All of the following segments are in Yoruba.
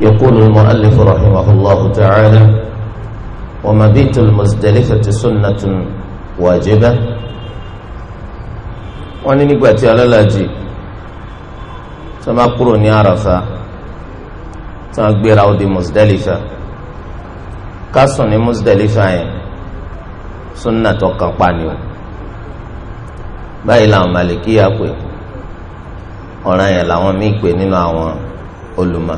يقول المؤلف رحمه الله تعالى ومبيت المزدلفة سنة واجبة wọ́n ní nígbà tí alálàájì tó máa kúrò ní àràfà tó máa gbéra ó di Muzdalifa ká sùn ní Muzdalifa yẹn súnà tó kàn pa ni o báyìí làwọn màlìkíyà pé ọ̀ràn yẹn làwọn míì pè nínú àwọn olùmọ̀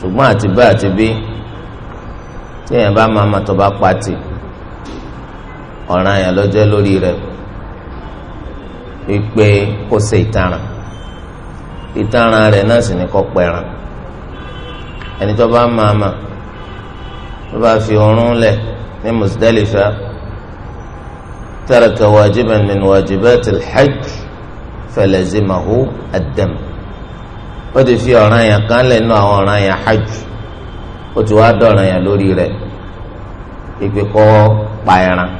ṣùgbọ́n àti bá àti bí tí èèyàn bá máa ma tó bá pati ọ̀ràn yẹn lọ́jọ́ lórí rẹ̀ wípé kó ṣe ìtaràn ìtaràn rẹ̀ náà sì ní kó pẹ̀ràn ẹni tó bá máa ma tó bá fi oorun lẹ̀ ní Muzdalifa taraka wajiban min wajibati al-hajj falazimahu ad ó ti fi ọ̀ràn yẹn kan lẹ̀ nínú àwọn ọ̀ràn yẹn hajj ó ti wá dọ̀ràn yẹn lórí rẹ̀ ìpè kọ́ pa ẹran.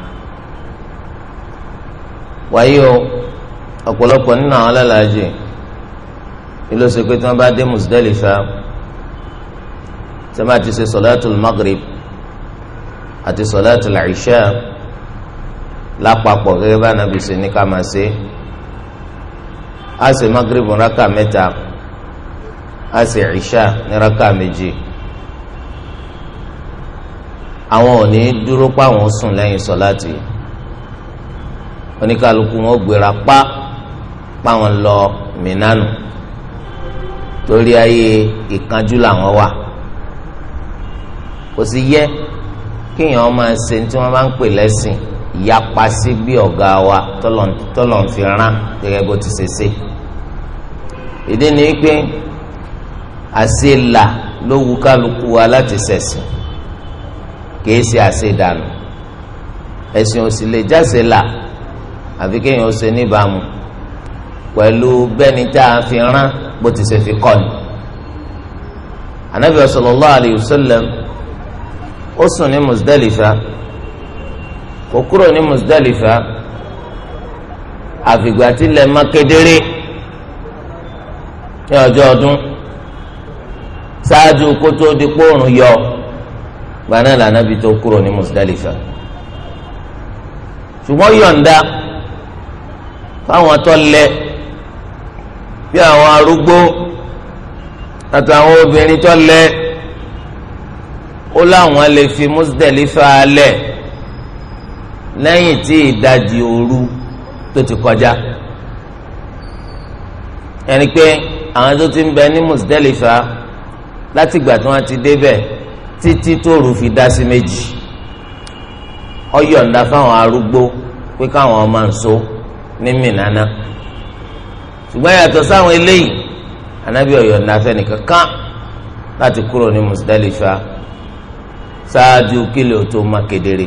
wáyé o ọ̀pọ̀lọpọ̀ nínú àwọn alálàájì ìlú ṣe pé tí wọ́n bá dé Muzdalifa tí wọ́n bá ti ṣe sọ̀láàtù Maghrib àti sọ̀láàtù Isha lápapọ̀ gẹ́gẹ́ bá nàbì ní ká ṣe á ṣe Maghrib rákà mẹ́ta a sì ìṣá ní raka méjì àwọn ò ní dúró pa àwọn sùn lẹ́yìn sọ̀láàtì oníkàlùkù wọn gbéra pa pa wọn lọ mìnánu torí ayé ìkanjú làwọn wà kò sì yẹ kéèyàn máa ṣe tí wọn bá ń pè lẹ́sìn ìyapa sí bí ọ̀gá wa tọ́lọ̀ ń fi rán gẹ́gẹ́ bó ti ṣe ṣe ìdí ni pé àṣelà ló wu kálukú wa láti ṣẹ̀sìn kìí ṣe àṣedànù ẹ̀sìn ò sì lè jáṣe là àfi kéèyàn ó se níbàámu pẹ̀lú bẹ́ni tá a fi rán bó ti ṣe fi kọ́ ni anabi sallallahu alayhi wa sallam ó sùn ní Muzdalifa kò kúrò ní Muzdalifa àfìgbà tí lẹ́ẹ̀ má kedere ní ọjọ́ ọdún ṣáájú kó tó di kóòrùn yọ gbaná lànàbí tó kúrò ní Musdalifa ṣùgbọ́n yọ̀ǹda fáwọn tó lẹ bí àwọn arúgbó àtàwọn obìnrin tó lẹ ó láwọn lè fi Musdalifa lẹ̀ lẹ́yìn tí ìdajì òru tó ti kọjá ẹni pé àwọn tó ti ń bẹ ní Musdalifa láti ìgbà tí wọ́n ti débẹ̀ títí tóòrù fi dá sí méjì ó yọ̀ǹda fáwọn arúgbó pé káwọn ọmọ nso ní mìnana ṣùgbọ́n yàtọ̀ sáwọn eléyìí anábì ó yọ̀ǹda fẹ́nìkan kan láti kúrò ní Musdalifa ṣáájú kílẹ̀ tó má kedere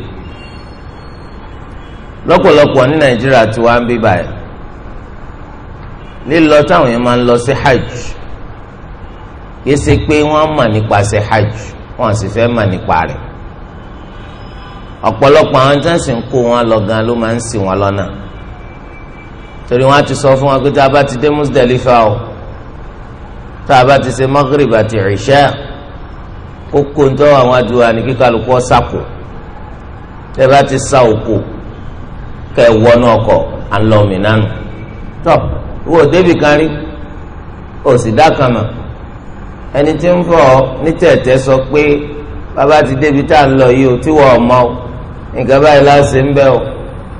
lọ́pọ̀lọpọ̀ ní Nàìjíríà tí wọ́n á ń bí báyìí lílọ táwọn yẹn máa ń lọ sí hajj kìí ṣe pé wọ́n mọ̀ nípasẹ̀ hajj wọ́n sì fẹ́ mọ̀ nípa rẹ̀ ọ̀pọ̀lọpọ̀ àwọn tí wọ́n sì ń kó wọn lọ gan ló máa ń ṣì wọ́n lọ́nà torí wọ́n á ti sọ fún wọn pé tá a bá ti dé Musdalifa o tá a bá ti ṣe Maghrib àti Isha kókó ń tọ́ àwọn adúlá ní kíkálukú ọ̀sàkó tẹ́ bá ti sa òkò kẹ́ wọnú ọkọ̀ à ń nánu tọ́ wọ́n débì kan rí òsì dá ẹni tí ń fọ ní tẹ̀tẹ̀ sọ pé bàbá ti débi tá à lọ yìí o tí wọ́n mọ o nǹkan báyìí láṣẹ ń bẹ́ o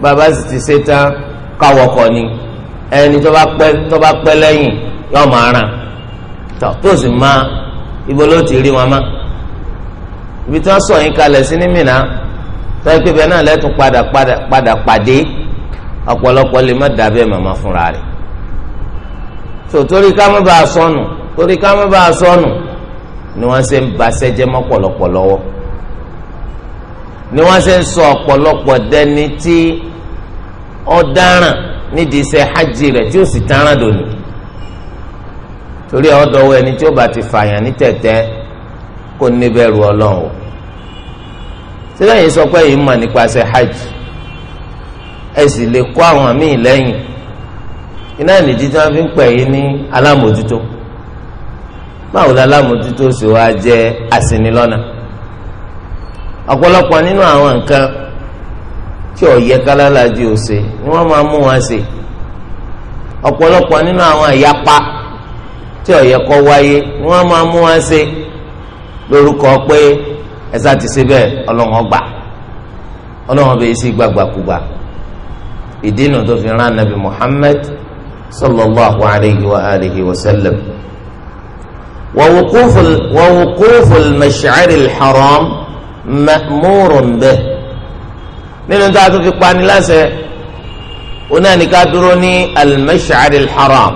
bàbá sì ti ṣe tán káwọkọ̀ ni ẹni tó bá pẹ́ lẹ́yìn yóò máa ràn tó tó sì máa ibo ló ti rí wọn mọ́ ibi tí wọ́n sọ yín kalẹ̀ sí ní Mínà tọ́ pé bẹ́ẹ̀ náà lẹ́tún padà padà pàdé ọ̀pọ̀lọpọ̀ lè má dàbẹ́ màmá fúnra rẹ̀ tòtórí ká sọnù. So, torí ká má bàa sọnù ni wọ́n ṣe ń baṣẹ́ jẹ́ mọ́ pọ̀lọpọ̀ lọ́wọ́ ni wọ́n ṣe ń sọ ọ̀pọ̀lọpọ̀ dẹni tí ọ̀daràn nídìí iṣẹ́ hajj rẹ̀ tí ó sì tààràn dòní torí ọ̀dọ̀wọ́ ẹni tí ó bá ti fààyàn ní tẹ̀tẹ́ kó níbẹ̀rù ọlọ́run o sílẹ̀ yìí sọ pé èyí mọ̀ nípasẹ̀ hajj ẹ sì lè kó àwọn míì lẹ́yìn iná ìdí tí wọ́n fi ń pè yín ní alámòjútó báwo la lámòtútó sì wá jẹ aṣinilọ́nà ọ̀pọ̀lọpọ̀ nínú àwọn nǹkan tí ọ̀yẹ kálálàájú ò ṣe ni wọ́n máa mú wọn ṣe ọ̀pọ̀lọpọ̀ nínú àwọn ìyapa tí ọ̀yẹ kọ́ wáyé ni wọ́n máa mú wọn ṣe lórúkọ pé ẹ̀sà ti ṣe bẹ́ẹ̀ ìdí inú tó fi rán sallallahu alayhi wa alayhi wa sallam. ووقوف ووقوف المشعر الحرام مأمور به nínú tá a tún fi pani láṣẹ òun náà ní ká dúró ní al-mash'ar al-haram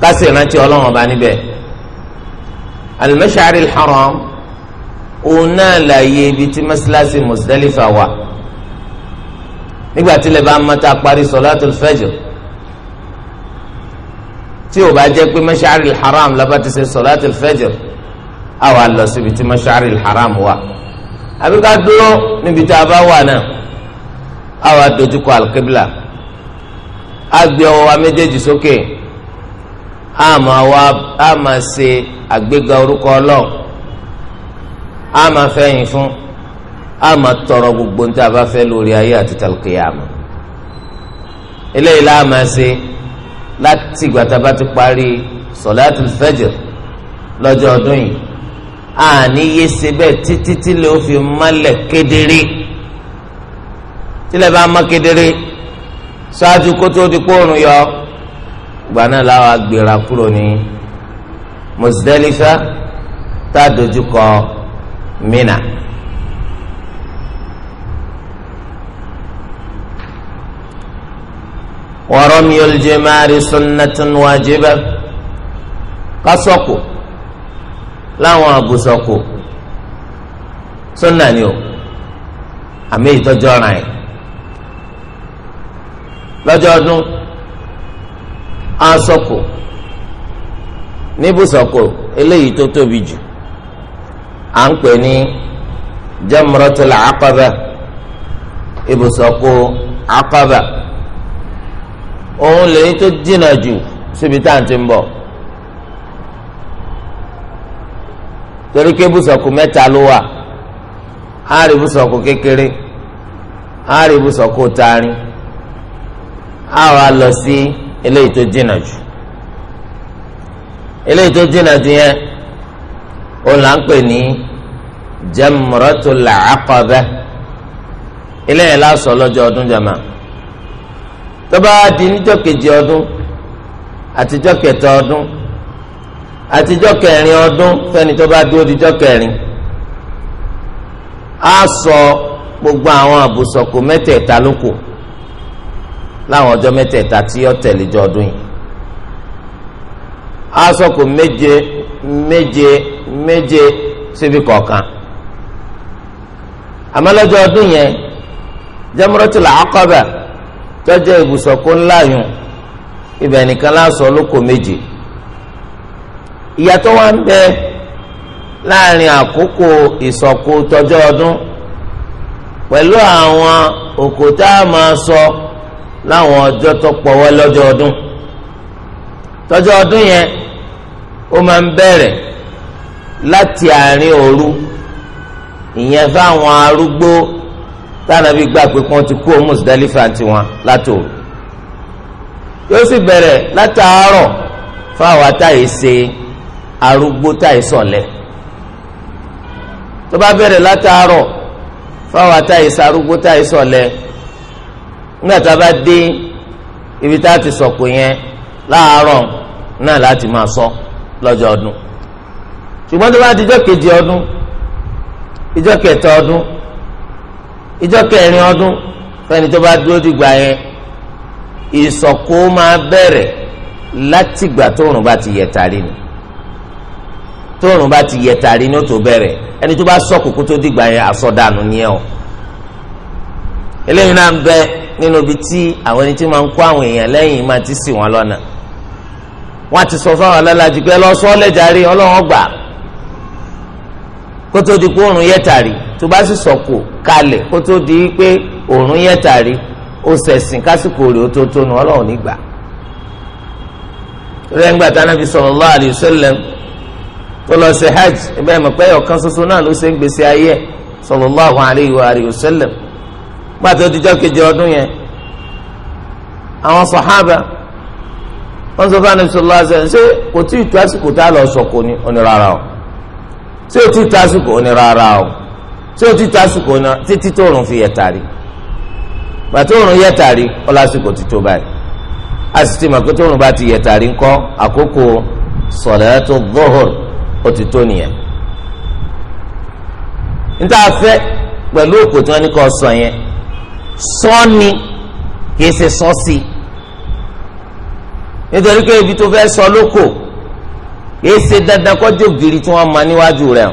ká sì rántí ọlọ́run ọba níbẹ̀ al-mash'ar al-haram òun náà láàyè ibi tí mọ́sálásí Muzdalifa wà nígbà tí lè bá mọ́ta parí solatul fajr tí o bá jẹ́ pé mashari haram lọba ti ṣe sọláàtì fẹjọ a wà lọ síbi tí mashari haram wà àbí ká dúró níbi tá a bá wà náà a wà dojúkọ alqibla a gbé ọwọ́ wa méjèèjì sókè a máa wá a máa ṣe àgbéga orúkọ Ọlọ́run a máa fẹ̀yìn fún a máa tọrọ gbogbo ní tá a bá fẹ́ lórí ayé àti talqiyama eléyìí la máa ṣe láti ìgbà a bá ti parí sọ̀láàtù fẹ́jìr lọ́jọ́ ọdún yìí àní yé ṣe títí tí lè ó fi mọ́lẹ̀ kedere tílẹ̀ bá mọ́ kedere ṣáájú kó tó di pòrùn yọ ìgbà náà làwọn agbèrà kúrò ní Muzdalifa tá a dojú kọ Mina. wọ́rọ́mi olùjẹ́márì sunnatun wájibà kásọ̀kù láwọn àgùsọ̀kù sunna ni o àmì ìtọ́jú ọ̀ràn yìí lọ́jọ́ ọdún asọ̀kù níbùsọ̀kù eléyìí tó tóbi jù à ń pè ní òun lèyí tó jìnnà jù síbi tá à ń ti ń bọ̀ torí ké bùsọ̀kù mẹ́ta ló wà á rí bùsọ̀kù kékeré á rí bùsọ̀kù tarin á wà lọ sí eléyìí tó jìnnà jù eléyìí tó jìnnà jù yẹn òun là ń pè ní jamratul aqaba eléyìí lọ́jọ́ ọdún jama. tọ́ba di níjọ́ kejì ọdún àtijọ́ kẹta ọdún àtijọ́ kẹrin ọdún fẹ́ni tọ́ba dúró dijọ́ kẹrin á sọ gbogbo àwọn àbùsọ̀kò mẹ́tẹ̀ẹ̀ta ló kù láwọn ọjọ́ mẹ́tẹ̀ẹ̀ta tí ó tẹ̀lé jọ ọdún yìí á sọ kò méje méje méje síbi kọ̀ọ̀kan àmọ́ lọ́jọ́ ọdún yẹn Jamratul Aqaba tọ́jọ́ ibùsọ̀kó ńlá yùn ibẹ̀ nìkan lásán lóko méje ìyàtọ̀ wa ń bẹ láàrin àkókò ìsọ̀kó tọ́jọ́ ọdún pẹ̀lú àwọn òkò a máa sọ láwọn ọjọ́ tó pọ̀wọ́ lọ́jọ́ ọdún tọ́jọ́ ọdún yẹn ó máa ń bẹ̀rẹ̀ láti àárín òru ìyẹn fáwọn arúgbó tánàbí gbà pé kí wọ́n ti kú Musdalifa tiwọn látòrò yóò sì bẹ̀rẹ̀ látàárọ̀ fáwọn atáyé ṣe arúgbó táyé sọ̀lẹ̀ tó bá bẹ̀rẹ̀ látàárọ̀ fáwọn atáyé ṣe arúgbó táyé sọ̀lẹ̀ nígbà tá a bá dé ibi tá a ti sọ̀kò yẹn láàárọ̀ náà láti máa sọ lọ́jọ́ ọdún ṣùgbọ́n tó bá dijọ́ kejì ọdún ìjọ́ kẹta ọdún ìjọ kẹrin ọdún fẹ́ni tó bá dúró dìgbà yẹn ìsọ̀kò máa bẹ̀rẹ̀ látìgbà tóòrùn bá ti yẹ tàrí ni tóòrùn bá ti yẹ tàrí ni ó tó bẹ̀rẹ̀ ẹni tó bá sọ̀kò kó tó dìgbà yẹn àsọdànù ni ẹ o eléyìí náà ń bẹ nínú ibi tí àwọn ẹni tí máa ń kó àwọn èèyàn lẹ́yìn máa ti ṣì wọ́n lọ́nà wọ́n ti sọ fún àwọn alálàájú pé ẹ lọ sọ ọ́ lẹ́jàre ọlọ́run ọgbà kó tó di pé òòrùn yẹ tàrí tó bá sì sọ̀kò kalẹ̀ kó tó di pé òòrùn yẹ tàrí ó sẹ̀sìn kásìkò rẹ̀ ó tó tónu ọlọ́run nígbà. rẹ́ngbà tánábì sallallahu alayhi wa sallam tó lọ sí hajj ibẹ̀ mọ̀ pé ọ̀kan ṣoṣo náà ló ṣe ń gbèsè ayé ẹ̀ sallallahu alayhi wa sallam pàtó dijọ́ kejì ọdún yẹn àwọn sàhábà wọ́n sọ fún ànábì sallallahu ṣé kò tí ì tó àsìkò tá a lọ sọ̀kò ni onírara o ṣé o ti tásìkò ní rárá o ṣé o ti tásìkò ní títí tóòrùn fi yẹ tàrí bàtí òòrùn yẹ tàrí ó lásìkò ti tó báyìí a sì ti mọ̀ pé tóòrùn bá ti yẹ tàrí ńkọ́ àkókò sọ̀lẹ́tò gbọ́hùr ó ti tó nìyẹn. níta fẹ́ pẹ̀lú òkò tí wọ́n ní kọ́ sọ yẹn sọ́ni kì í ṣe sọ́ọ̀sì nítorí pé ibi tó fẹ́ sọ lóko. Ese ṣe dandan kọjú ògiri tí wọ́n ma níwájú rẹ̀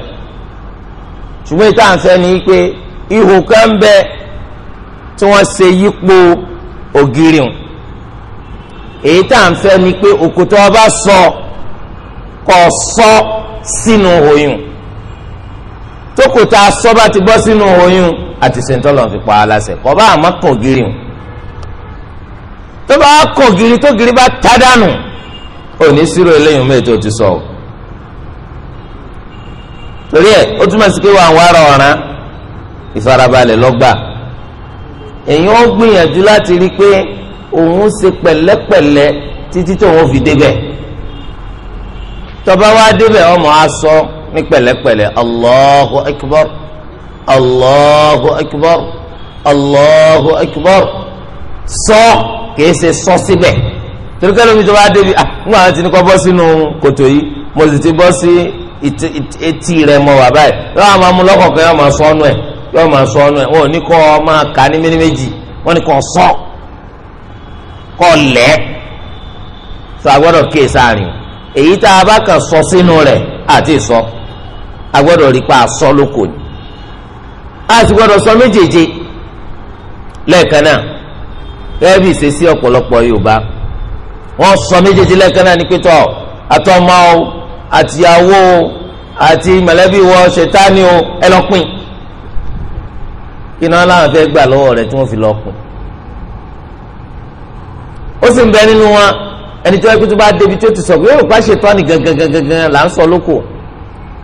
ṣùgbọ́n ìta àǹfẹ́ ni pé ihò kan ń bẹ tí wọ́n ṣe yípo ògiri hùn èyí tá à ń fẹ́ ni pé òkúta ọba sọ kò sọ sínú oyún tókòtà sọ bá ti bọ́ sínú oyún àti sèǹtọ́lọ̀ fi pa á láṣẹ kò bá àmọ́ kàn ògiri hùn tó bá kàn ògiri tó giri bá tá dànù ò ní sírò eléyìí mẹ́ẹ̀ tó ti sọ o torí ẹ ó túmọ̀ sí pé wà ń wára ọ̀ràn ìfarabalẹ̀ lọ́gbà èyàn ó gbìyànjú láti rí i pé òun ṣe pẹ̀lẹ́pẹ̀lẹ́ títí tóun fi débẹ̀ tọba wa débẹ̀ ọmọ asọ ní pẹ̀lẹ́pẹ̀lẹ́ allahu akbar allahu akbar allahu akbar sọ kìí ṣe sọ síbẹ̀. So, torí kẹ́lẹ́ omi tó bá débi ah ń wà ti ní kọ́ bọ́ sínú kòtò yìí mo sì ti bọ́ sí etí rẹ̀ mọ́ wà báyìí yọ́ọ́ máa mú lọ́kọ̀ọ̀kan yọ́ọ́ máa sọ ọ́nù ẹ̀ yọ́ọ́ máa sọ ọ́nù ẹ̀ wọn ò ní kọ́ ọ máa kà ní méjì méjì wọ́n ní kọ́ sọ kọ́ lẹ́ sọ agbọ́dọ̀ kí èsì àárín èyí tá a bá kàn sọ sínú rẹ̀ àti sọ agbọ́dọ̀ rí pa sọ lóko ni a sì gbọ́dọ̀ sọ méjèèje lẹ́ẹ̀kan náà gẹ́gẹ́ bí ìṣesí ọ̀pọ̀lọpọ̀ Yorùbá wọ́n sọ méjèèjì lẹ́ẹ̀kan náà ní pétọ́ àtọmọ o àtìyàwó o àti mọ̀lẹ́bí wọ ṣètánì o ẹ lọ pín kí náà láwọn fẹ́ gbà lọ́wọ́ rẹ̀ tí wọ́n fi lọ pín ó sì ń bẹ nínú wọn ẹni tí wọ́n kú tó bá débi tó ti sọ pé yóò pa ṣètánì gangan gangan gangan là ń sọ lóko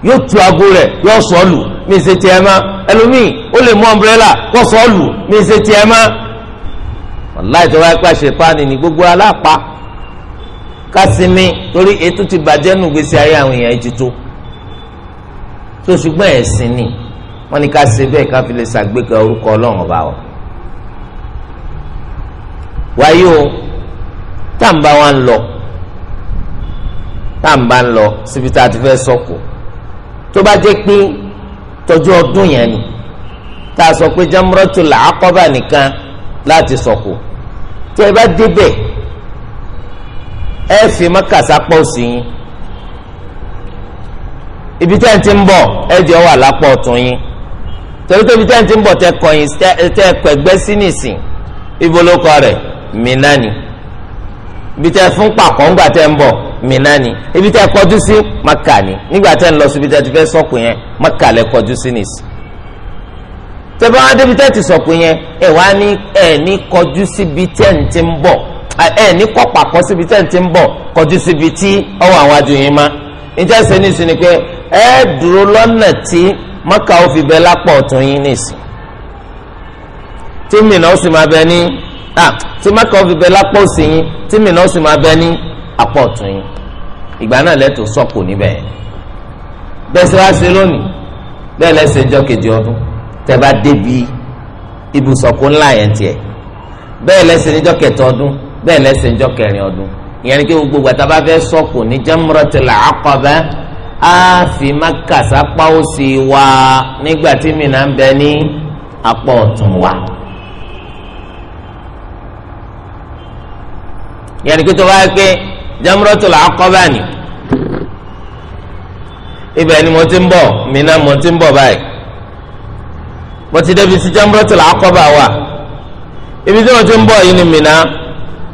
yóò tu aago rẹ̀ yóò sọ lù mí ṣe tiẹ̀ má ẹlòmíì ó lè mú ọmbrẹ́là kó sọ lù mí ṣe tiẹ̀ má wàláì tó wáyé pa ṣètánì ní gbogbo alápá kásìmí torí ètò ti bàjẹ́ nù gbèsè ayé àwọn èèyàn ti tó tó ṣùgbọ́n ẹ̀sìn ni wọ́n ní ká ṣe bẹ́ẹ̀ ká fi lè ṣàgbéga orúkọ ọlọ́run ọba wa. wáyé o táǹbà wa ń lọ táǹbà ń lọ síbi tá a ti fẹ́ sọ̀kò tó bá jẹ́ pé tọjú ọdún yẹn ni tá a sọ pé jamratul aqaba nìkan láti sọ̀kò tẹ́ ẹ bá débẹ̀ ẹ fi mọ́kàsá pọ̀ sí yín ibi tẹ́ ń ti ń bọ̀ ẹ jẹ́ wà lápọ̀ ọ̀tún yín torí pé ibi tẹ́ ń ti ń bọ̀ tẹ́ kọ̀yìn tẹ́ pẹ̀gbẹ́ sí nìsín ibo ló kọ rẹ̀ Mínà ni ibi tẹ́ fún pàkọ́ ńgbà tẹ́ ń bọ̀ Mínà ni ibi tẹ́ kọjú sí Mákà ni nígbà tẹ́ ń lọ sí ibi tẹ́ ti fẹ́ sọ̀kù yẹn Mákà lẹ kọjú sí nìsín tẹ́ bá wá débi tẹ́ ti sọ̀kù yẹn ẹ wá ní ẹ ní kọjú síbi tẹ́ ń ti ń bọ̀ ẹ ní kọ́ pàkọ́ síbi tẹ́ ń ti ń bọ̀ kọjú síbi tí ọwọ́ àwọn adìyẹ ma níta ṣe ní sinmi pé ẹ dúró lọ́nà tí mọ́kà ó fi bẹ lápọ̀ ọ̀tún yín nìsí tí mìíràn ó sì máa bẹ ní tí mọ́kà ó fi bẹ lápọ̀ òsì yín tí mìíràn ó sì máa bẹ ní apọ̀ ọ̀tún yín ìgbà náà lẹ́tọ̀ sọ́kù níbẹ̀ bẹ́ẹ̀ ṣe wá ṣe lónìí bẹ́ẹ̀ lẹ́sẹ̀ jọ́ kejì ọdún tẹ́ bá débi ibùsọ̀kù ńlá yẹn tiẹ̀ bẹ́ẹ̀ lẹ́sẹ̀ níjọ́ kẹtọ́ ọdún bẹ́ẹ̀ lẹ́sẹ̀ ńjọ́ kẹrin ọdún ìyẹn ni kí gbogbo gbàtà bá fẹ́ sọ̀kò ní jamratul aqaba á fi Mákà sápá òsì wa nígbà tí Mínà ń bẹ ní apá ọ̀tún wa. ìyẹn ni kí tó bá yẹ pé jamratul aqaba ni ibẹ̀ ni mo ti ń bọ̀ Mínà mo ti ń bọ̀ báyìí mo ti débi sí jamratul aqaba wa ibi tí mo ti ń bọ̀ yìí ni Mínà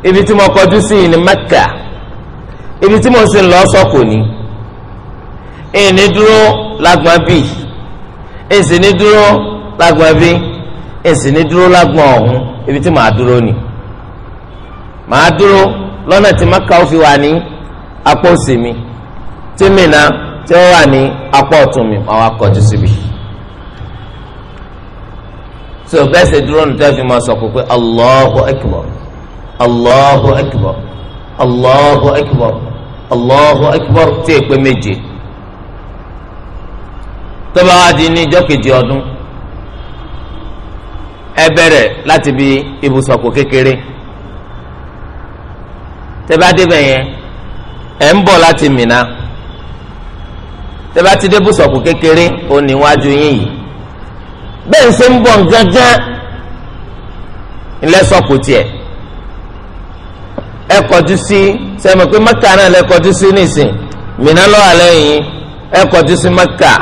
ibi tí mo kọjú sí yìí ní Mẹ́kà ibi tí mo sì ń lọ sọ́kò ní ìní dúró lágbọ̀n bí èsì ní dúró lágbọ̀n bí èsì ní dúró lágbọ̀n ọ̀hún ibi tí màá dúró ni màá dúró lọ́nà tí Mẹ́kà ó fi wà ní apá òsì mi tí Mínà tí ó wà ní apá ọ̀tún mi màá wá kọjú síbi. so bẹ́ẹ̀ ṣe dúró nù fi máa sọ pé Allahu Akbar. allahu akbar allahu akbar allahu akbar tí èpè méje tó bá ní ìjọ kejì ọdún ẹ bẹ̀rẹ̀ láti bi ibùsọ̀kò kékeré ẹ ń bọ̀ láti Mínà ti dé ibùsọ̀kò kékeré ó níwájú yín yìí bẹ́ẹ̀ ń ń bọ̀ gángan ilé sọ̀kò tiẹ̀ ẹ kọjú sí sẹ́mi pé mẹ́kà náà lẹ kọjú sí lọ́wọ́ ẹ kọjú sí mẹ́kà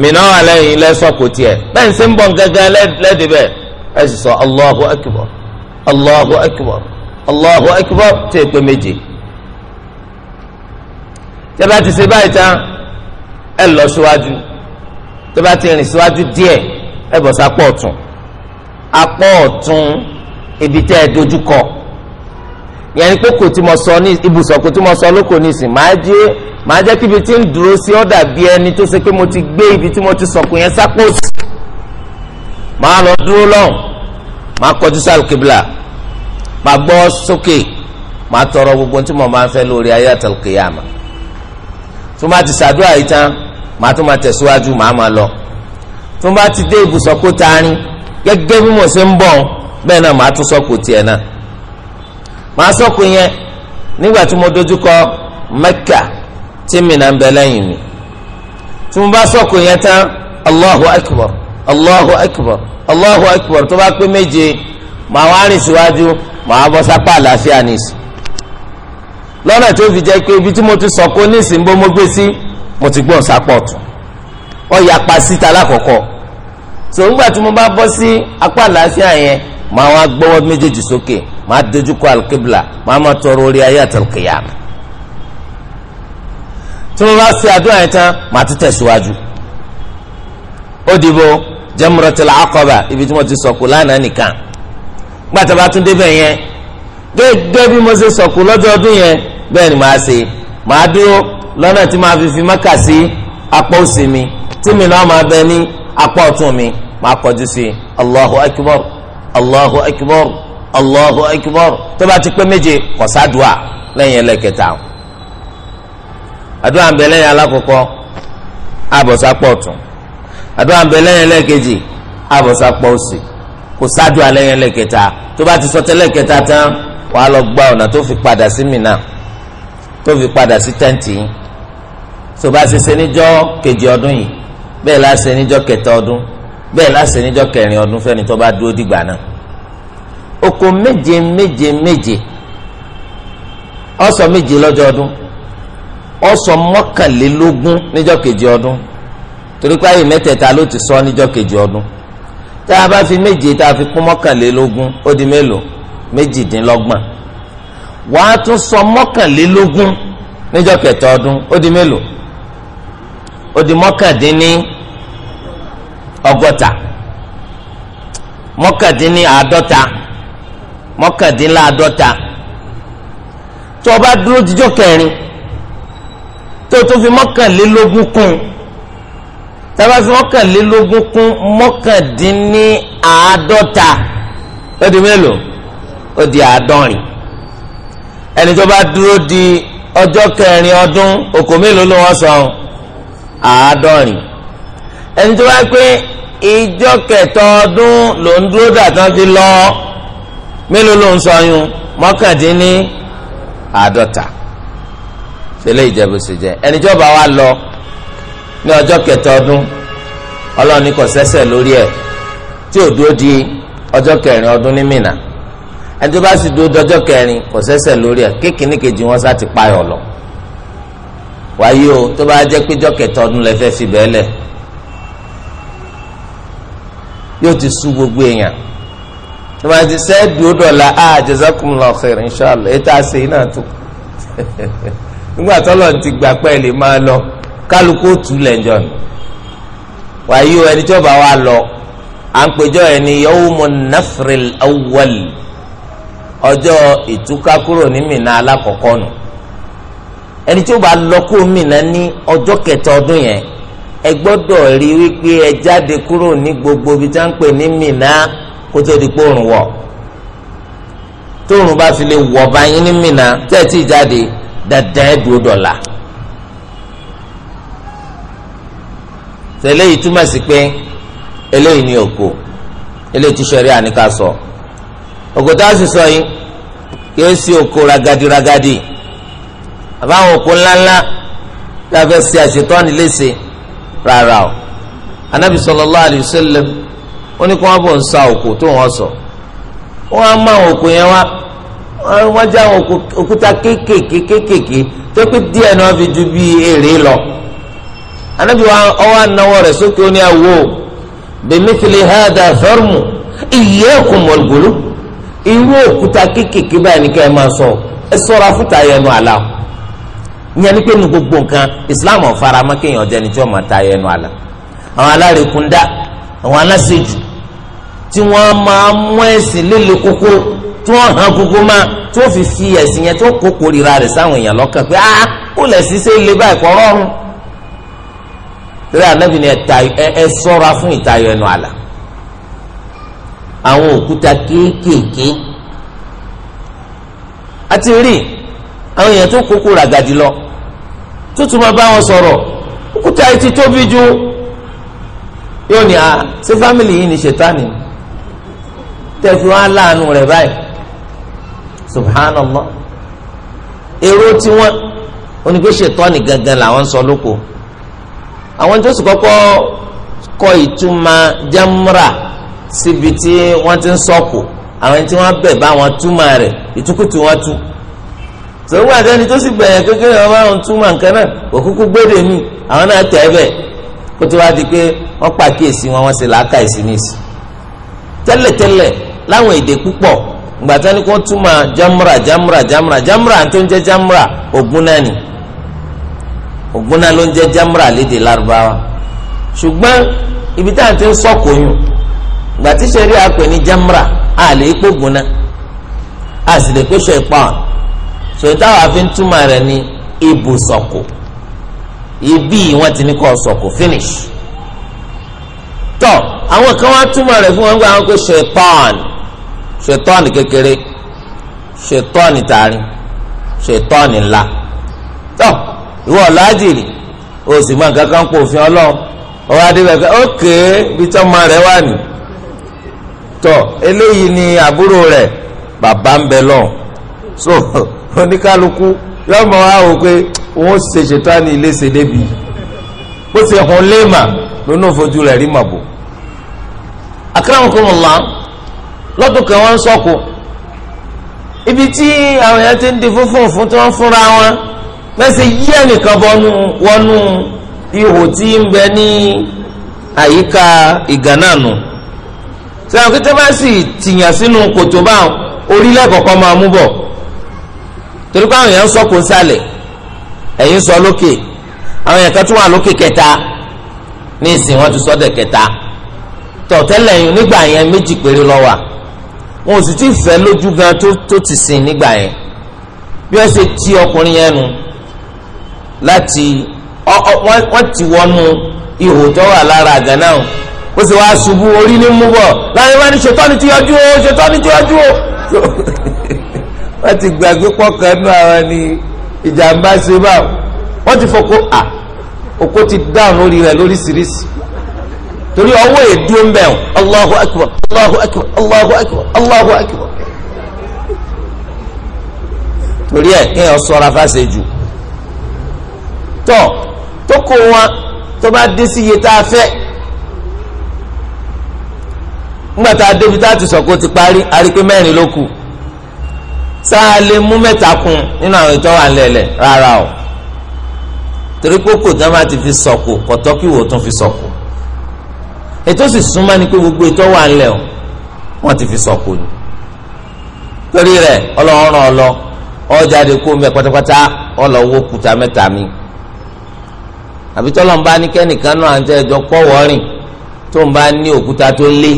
mìnà wà lẹ́yìn tiẹ̀ bẹ́ẹ̀ sẹ́ ń bọ̀ gángan lẹ́dí bẹ́ẹ̀ ẹ sì sọ Allahu akbar Allahu akbar Allahu akbar tó èpè méje tẹ́ ti ṣe báyìí tán ẹ lọ síwájú ti rìn síwájú díẹ̀ ẹ bọ̀ ibi tẹ́ ẹ dojú kọ yẹn ni pé kò tí mo sọ ní ibùsọ̀ kò tí mo sọ lóko nísìn máa jẹ́ máa jẹ́ kí ibi tí ń dúró sí ó dà bí ẹni tó ṣe pé mo ti gbé ibi tí mo ti sọ̀kò yẹn sápò sí máa lọ dúró lọ́hùn máa kọjú sálùkìbìlà máa gbọ́ sókè máa tọrọ gbogbo tí mo máa ń fẹ́ lórí ayé àtàlùkìyàmà tó máa ti ṣàdúrà yìí tán máa tó máa tẹ̀síwájú máa máa lọ tó máa ti dé ibùsọ̀kò taarin gẹ́gẹ́ bí mo ṣe ń bọ̀ bẹ́ẹ̀ náà màá tún sọ́kù tiẹ̀ náà màá sọ́kù yẹn nígbà tí mo dojúkọ mẹ́kà tí Mínà ń bẹ lẹ́yìn mi tí mo bá sọ́kù yẹn tán allahu akbar allahu akbar allahu akbar tó bá pé méje màá wá rìn síwájú màá bọ́ sápá ibi tí mo ti mo gbé sí mo ti gbọ́n yà pa síta lákọ̀ọ́kọ́ tí máa wá gbọ́wọ́ méjèèjì sókè máa dojú kọ alkebla máa máa tọrọ orí ayé àtàlùkìyàmù tí mo bá ṣe àdúrà yẹn tán máa tún tẹ̀síwájú ó dìbò jamratul aqaba ibi tí mo ti sọ̀kù lánàá nìkan gbàtà bá tún débẹ̀ yẹn gẹ́gẹ́ bí mo ṣe sọ̀kù lọ́jọ́ ọdún yẹn bẹ́ẹ̀ ni màá ṣe màá dúró lọ́nà tí màá fi fi Mákà sí apá òsì mi tí mi náà máa bẹ ní apá ọ̀tún mi màá kọjú sí Allahu akbar allahu akbar allahu akbar tó bá ti pé méje kò sádùá lẹ́yìn ẹlẹ́kẹta àdúrà ń bẹ lẹ́yìn alákọ̀ọ́kọ́ àbọ̀sápọ̀ ọ̀tún àdúrà ń bẹ lẹ́yìn ẹlẹ́kejì àbọ̀sápọ̀ òsì kò sádùá lẹ́yìn ẹlẹ́kẹta tó bá ti sọ tẹ́lẹ̀kẹta tán wàá lọ gba ọ̀nà tó fi padà sí Mínà tó fi padà sí tẹ́ǹtì tó bá ṣe ṣe níjọ́ kejì ọdún yìí bẹ́ẹ̀ la ṣe níjọ́ kẹta ọdún bẹ́ẹ̀ láṣẹ níjọ́ kẹrin ọdún fẹ́ni tó bá dúró dìgbà náà oko méje méje méje ọsọ méje lọ́jọ́ ọdún ọsọ mọ́kànlélógún níjọ́ kejì ọdún torí pé ayé mẹ́tẹ̀ẹ̀ta ló ti sọ níjọ́ kejì ọdún tá a bá fi méje tá a fi kún mọ́kànlélógún ó di mélòó méjìdínlọ́gbọ̀n wàá tún sọ mọ́kànlélógún níjọ́ kẹta ọdún ó di mélòó ó di mọ́kàndínní ọgọ́ta mọ́kàndínláàdọ́ta mọ́kàndínláàdọ́ta tó o bá dúró jíjọ́ kẹrin tó o tó fi mọ́kànlélógún kún tábà fi mọ́kànlélógún kún mọ́kàndínláàdọ́ta ó di mélòó ó di àádọ́rin ẹni tó bá dúró di ọjọ́ kẹrin ọdún okòó mélòó ló wọ́n sọ àádọ́rin ẹni tó bá pé ìjọ kẹtọ ọdún ló ń dúró dàtàn fi lọ mélòó ló ń sọyún mọ́kàndínní àádọ́ta ṣẹlẹ̀ ìjẹbùsùjẹ ẹni tó bá wa lọ ní ọjọ́ kẹtọ ọdún ọlọ́ọ̀ni kò sẹ́sẹ̀ lórí ẹ̀ tí ò dúró di ọjọ́ kẹrin ọdún ní Mínà ẹni tó bá sì dúró dọjọ́ kẹrin kò sẹ́sẹ̀ lórí ẹ̀ kékeré kejì wọn sá ti payọ̀ lọ wáyé o tó bá jẹ́ péjọ́ kẹtọ ọdún lẹ fi bẹ́ẹ̀ lẹ̀ yóò ti sú gbogbo èèyàn tó bá ti sẹ́ dùódọ̀la a jazakumullahu khairan inshallah ètò àṣẹ iná tó nígbà tọ́lọ̀ ti gbà pẹ́ lè máa lọ kálukú tù lẹ́njọ́ ni wàyí o ẹni tí ó bá wa lọ à ń pèjọ́ ẹ ní yawmun nafril awwal ọjọ́ ìtúká kúrò ní Mínà alákọ̀ọ́kọ́ nù ẹni tí ó lọ kó Mínà ní ọjọ́ kẹta ọdún yẹn ẹ gbọ́dọ̀ rí wípé ẹ jáde kúrò ní gbogbo ibi tá ń pè ní Mínà kó tó di pòrùn wọ̀ tóòrùn bá fi lè wọ̀ báyìí ní Mínà tẹ́ẹ̀tì jáde dandan ẹ dúró dọ̀la. tẹ̀lé yìí túmọ̀ sí pé eléyìí ni òkò eléyìí tí sẹ́rí àníkà sọ òkò sì sọ yìí kìí sí òkò ragadi ragadi àbáwọn òkò ńláńlá tá a fẹ́ ṣe àṣetọ́ni léṣe. rárá o anabi sallallahu alayhi wa sallam ó ní kí wọ́n bọ̀ ń sa òkú tó sọ wọ́n á má òkú yẹn wá wọ́n já àwọn òkúta kéékèèké kéékèèké tó pé fi ju bí èrè lọ anabi wa ọwọ́ anáwọ̀ rẹ̀ sókè ó ní àwọ̀ bimithli hadha farmu irú òkúta kéékèèké báyìí ni ká ẹ máa sọ ìyẹn ni pé nu gbogbo nǹkan islam ọ̀fara mọ́ kéèyàn jẹ́ ni tí wọ́n máa ta ẹnu àlà àwọn alárekúndá àwọn aláṣejù tí wọ́n máa mú ẹ̀sìn líle kókó tí wọ́n hàn kókó má tí wọ́n fi fi ẹ̀sìn yẹn tí wọ́n kó kórìíra rẹ̀ sáwọn èèyàn lọ́kàn pé ah kó lẹ̀ sí ṣe lè báyìí kọ́ rọrùn. torí ànábì ni ẹ sọ́ra fún ìtayọ ẹnu àlà àwọn òkúta kéékèèké àti rí àwọn èèyàn tó kókó ràgàdì lọ tó tún máa bá wọn sọ̀rọ̀ òkúta yìí ti tóbi ju yóò ní a ṣé fámìlì yìí ní ṣètánì tẹ̀fí wọn aláàánú rẹ̀ báyìí subhanallah èrò tiwọn onígbé ṣètánì gangan làwọn sọ lóko àwọn tó sì kọ́kọ́ kọ ìtumọ̀ jamra síbi tí wọ́n ti ń sọ̀kò àwọn tí wọ́n bẹ̀ bá wọn túmọ̀ rẹ̀ ìtukùtù wọn tú sọ̀rọ̀ àtẹni tó sì bẹ̀rẹ̀ kékeré ọba àwọn túmọ̀ nǹkan náà òkúkú gbére mi àwọn náà tẹ̀ ẹ́ bẹ̀ kó tó wá di pé wọ́n pàkíyèsí wọn wọ́n sì làákà ìsínísì tẹ́lẹ̀tẹ́lẹ̀ láwọn èdè púpọ̀ gbàtà ni kò túmọ̀ jamra jamra jamra jamra tó ń jẹ́ jamra ògùn náà ni ògùn náà ló ń jẹ́ jamra lédè lárúbáwá ṣùgbọ́n ibi tá à ń ti ń sọ́kòyún gbàtí sẹ́rí àpè ní jamra àlè ikpógun náà àsìlè sọ̀rọ̀ táwa fi ń túmọ̀ rẹ̀ ní ibùsọ̀kò ibi wọn ti ní kọ́ sọ̀kò finish tọ́ àwọn kan wá túmọ̀ rẹ̀ fún wọn gba àwọn pé ṣètọ́ọ̀nì ṣètọ́ọ̀nì kékeré ṣètọ́ọ̀nì tààrí ṣètọ́ọ̀nì ńlá tọ́ ìwọ ọ̀làjìrì o sì mọ nǹkan kan kó òfin ọlọ́run ọwọ́ adébẹ̀kẹ́ ókè ibi tí ọmọ rẹ̀ wà ní tọ́ eléyìí ni àbúrò rẹ̀ bàbá ń bẹ lọ́hùn so oníkálukú yóò mọ wá wò pé òun ṣe ṣètò àní ilé ṣe débi bó ṣe hàn léèmà lónà òfojú rẹ̀ rí màbò. akramakumullah lọ́dún kan wọ́n ń sọ́kù ibi tí àwọn èèyàn ti ń di fúnfún fún tí wọ́n fúnra wọn mẹ́sẹ̀ yí ẹnìkan bọ́nú wọnú ihò tí ń bẹ ní àyíká ìgànnànù sẹ́wọ̀n kí tẹ́ sì tìyàn sínú kòtò báwọn orílẹ̀ kọ̀ọ̀kan máa mú bọ̀ torí pé àwọn èèyàn ń sọ kó ń sálẹ̀ ẹ̀yin sọ lókè àwọn èèyàn kan tún wà lókè kẹta ní ìsìn wọn tún sọdẹ kẹta tọ̀tẹ́lẹ̀ yìí nígbà yẹn méjì péré lọ́wà wọn ò sì tí ì fẹ́ lójú gan tó ti sìn nígbà yẹn bí wọ́n ṣe ti ọkùnrin yẹn nu láti wọ́n ti wọnú ihò tó wà lára àgàn náà ó sì wáá ṣubú orí ní mú bọ̀ láti wọ́n ní ṣètọ́ni ti yọjú o ṣètọ́ni ti yọjú o. wọ́n ti gbàgbé pọkànnú àwọn ni ìjàmbá ṣe báwò wọ́n ti fọkọ à òkú ti dáhùn lórí rẹ̀ lóríṣiríṣi torí ọwọ́ èdú ń bẹ̀ Allahu akbar Allahu akbar Allahu akbar Allahu akbar torí ẹ̀ kéèyàn sọra fáṣe jù tọ́ tó kó wọn tó bá dé sí iye tá a fẹ́ ńgbà tá a débi tá a ti sọ̀kò ti parí àríkè mẹ́rin ló kù sáà lè mú mẹ́ta kún nínú àwọn ìtọ́ wà lẹ́lẹ̀ rárá o torí pé kò tán bá ti fi sọ̀kò kọ̀tọ́ kí wò tún fi sọ̀kò ètò sì súnmọ́ ni pé gbogbo ìtọ́ wà lẹ́ o wọ́n ti fi sọ̀kò ni torí rẹ̀ ọlọ́run ọlọ ọjàde kó mẹ́ pátápátá ọlọ́wọ́ kùtà mẹ́ta mi àbí tọ́lọ́n bá ní kẹ́nìkan náà àti ẹ̀jọ́ pọ̀ wọ́rìn tó ń bá ní òkúta tó lé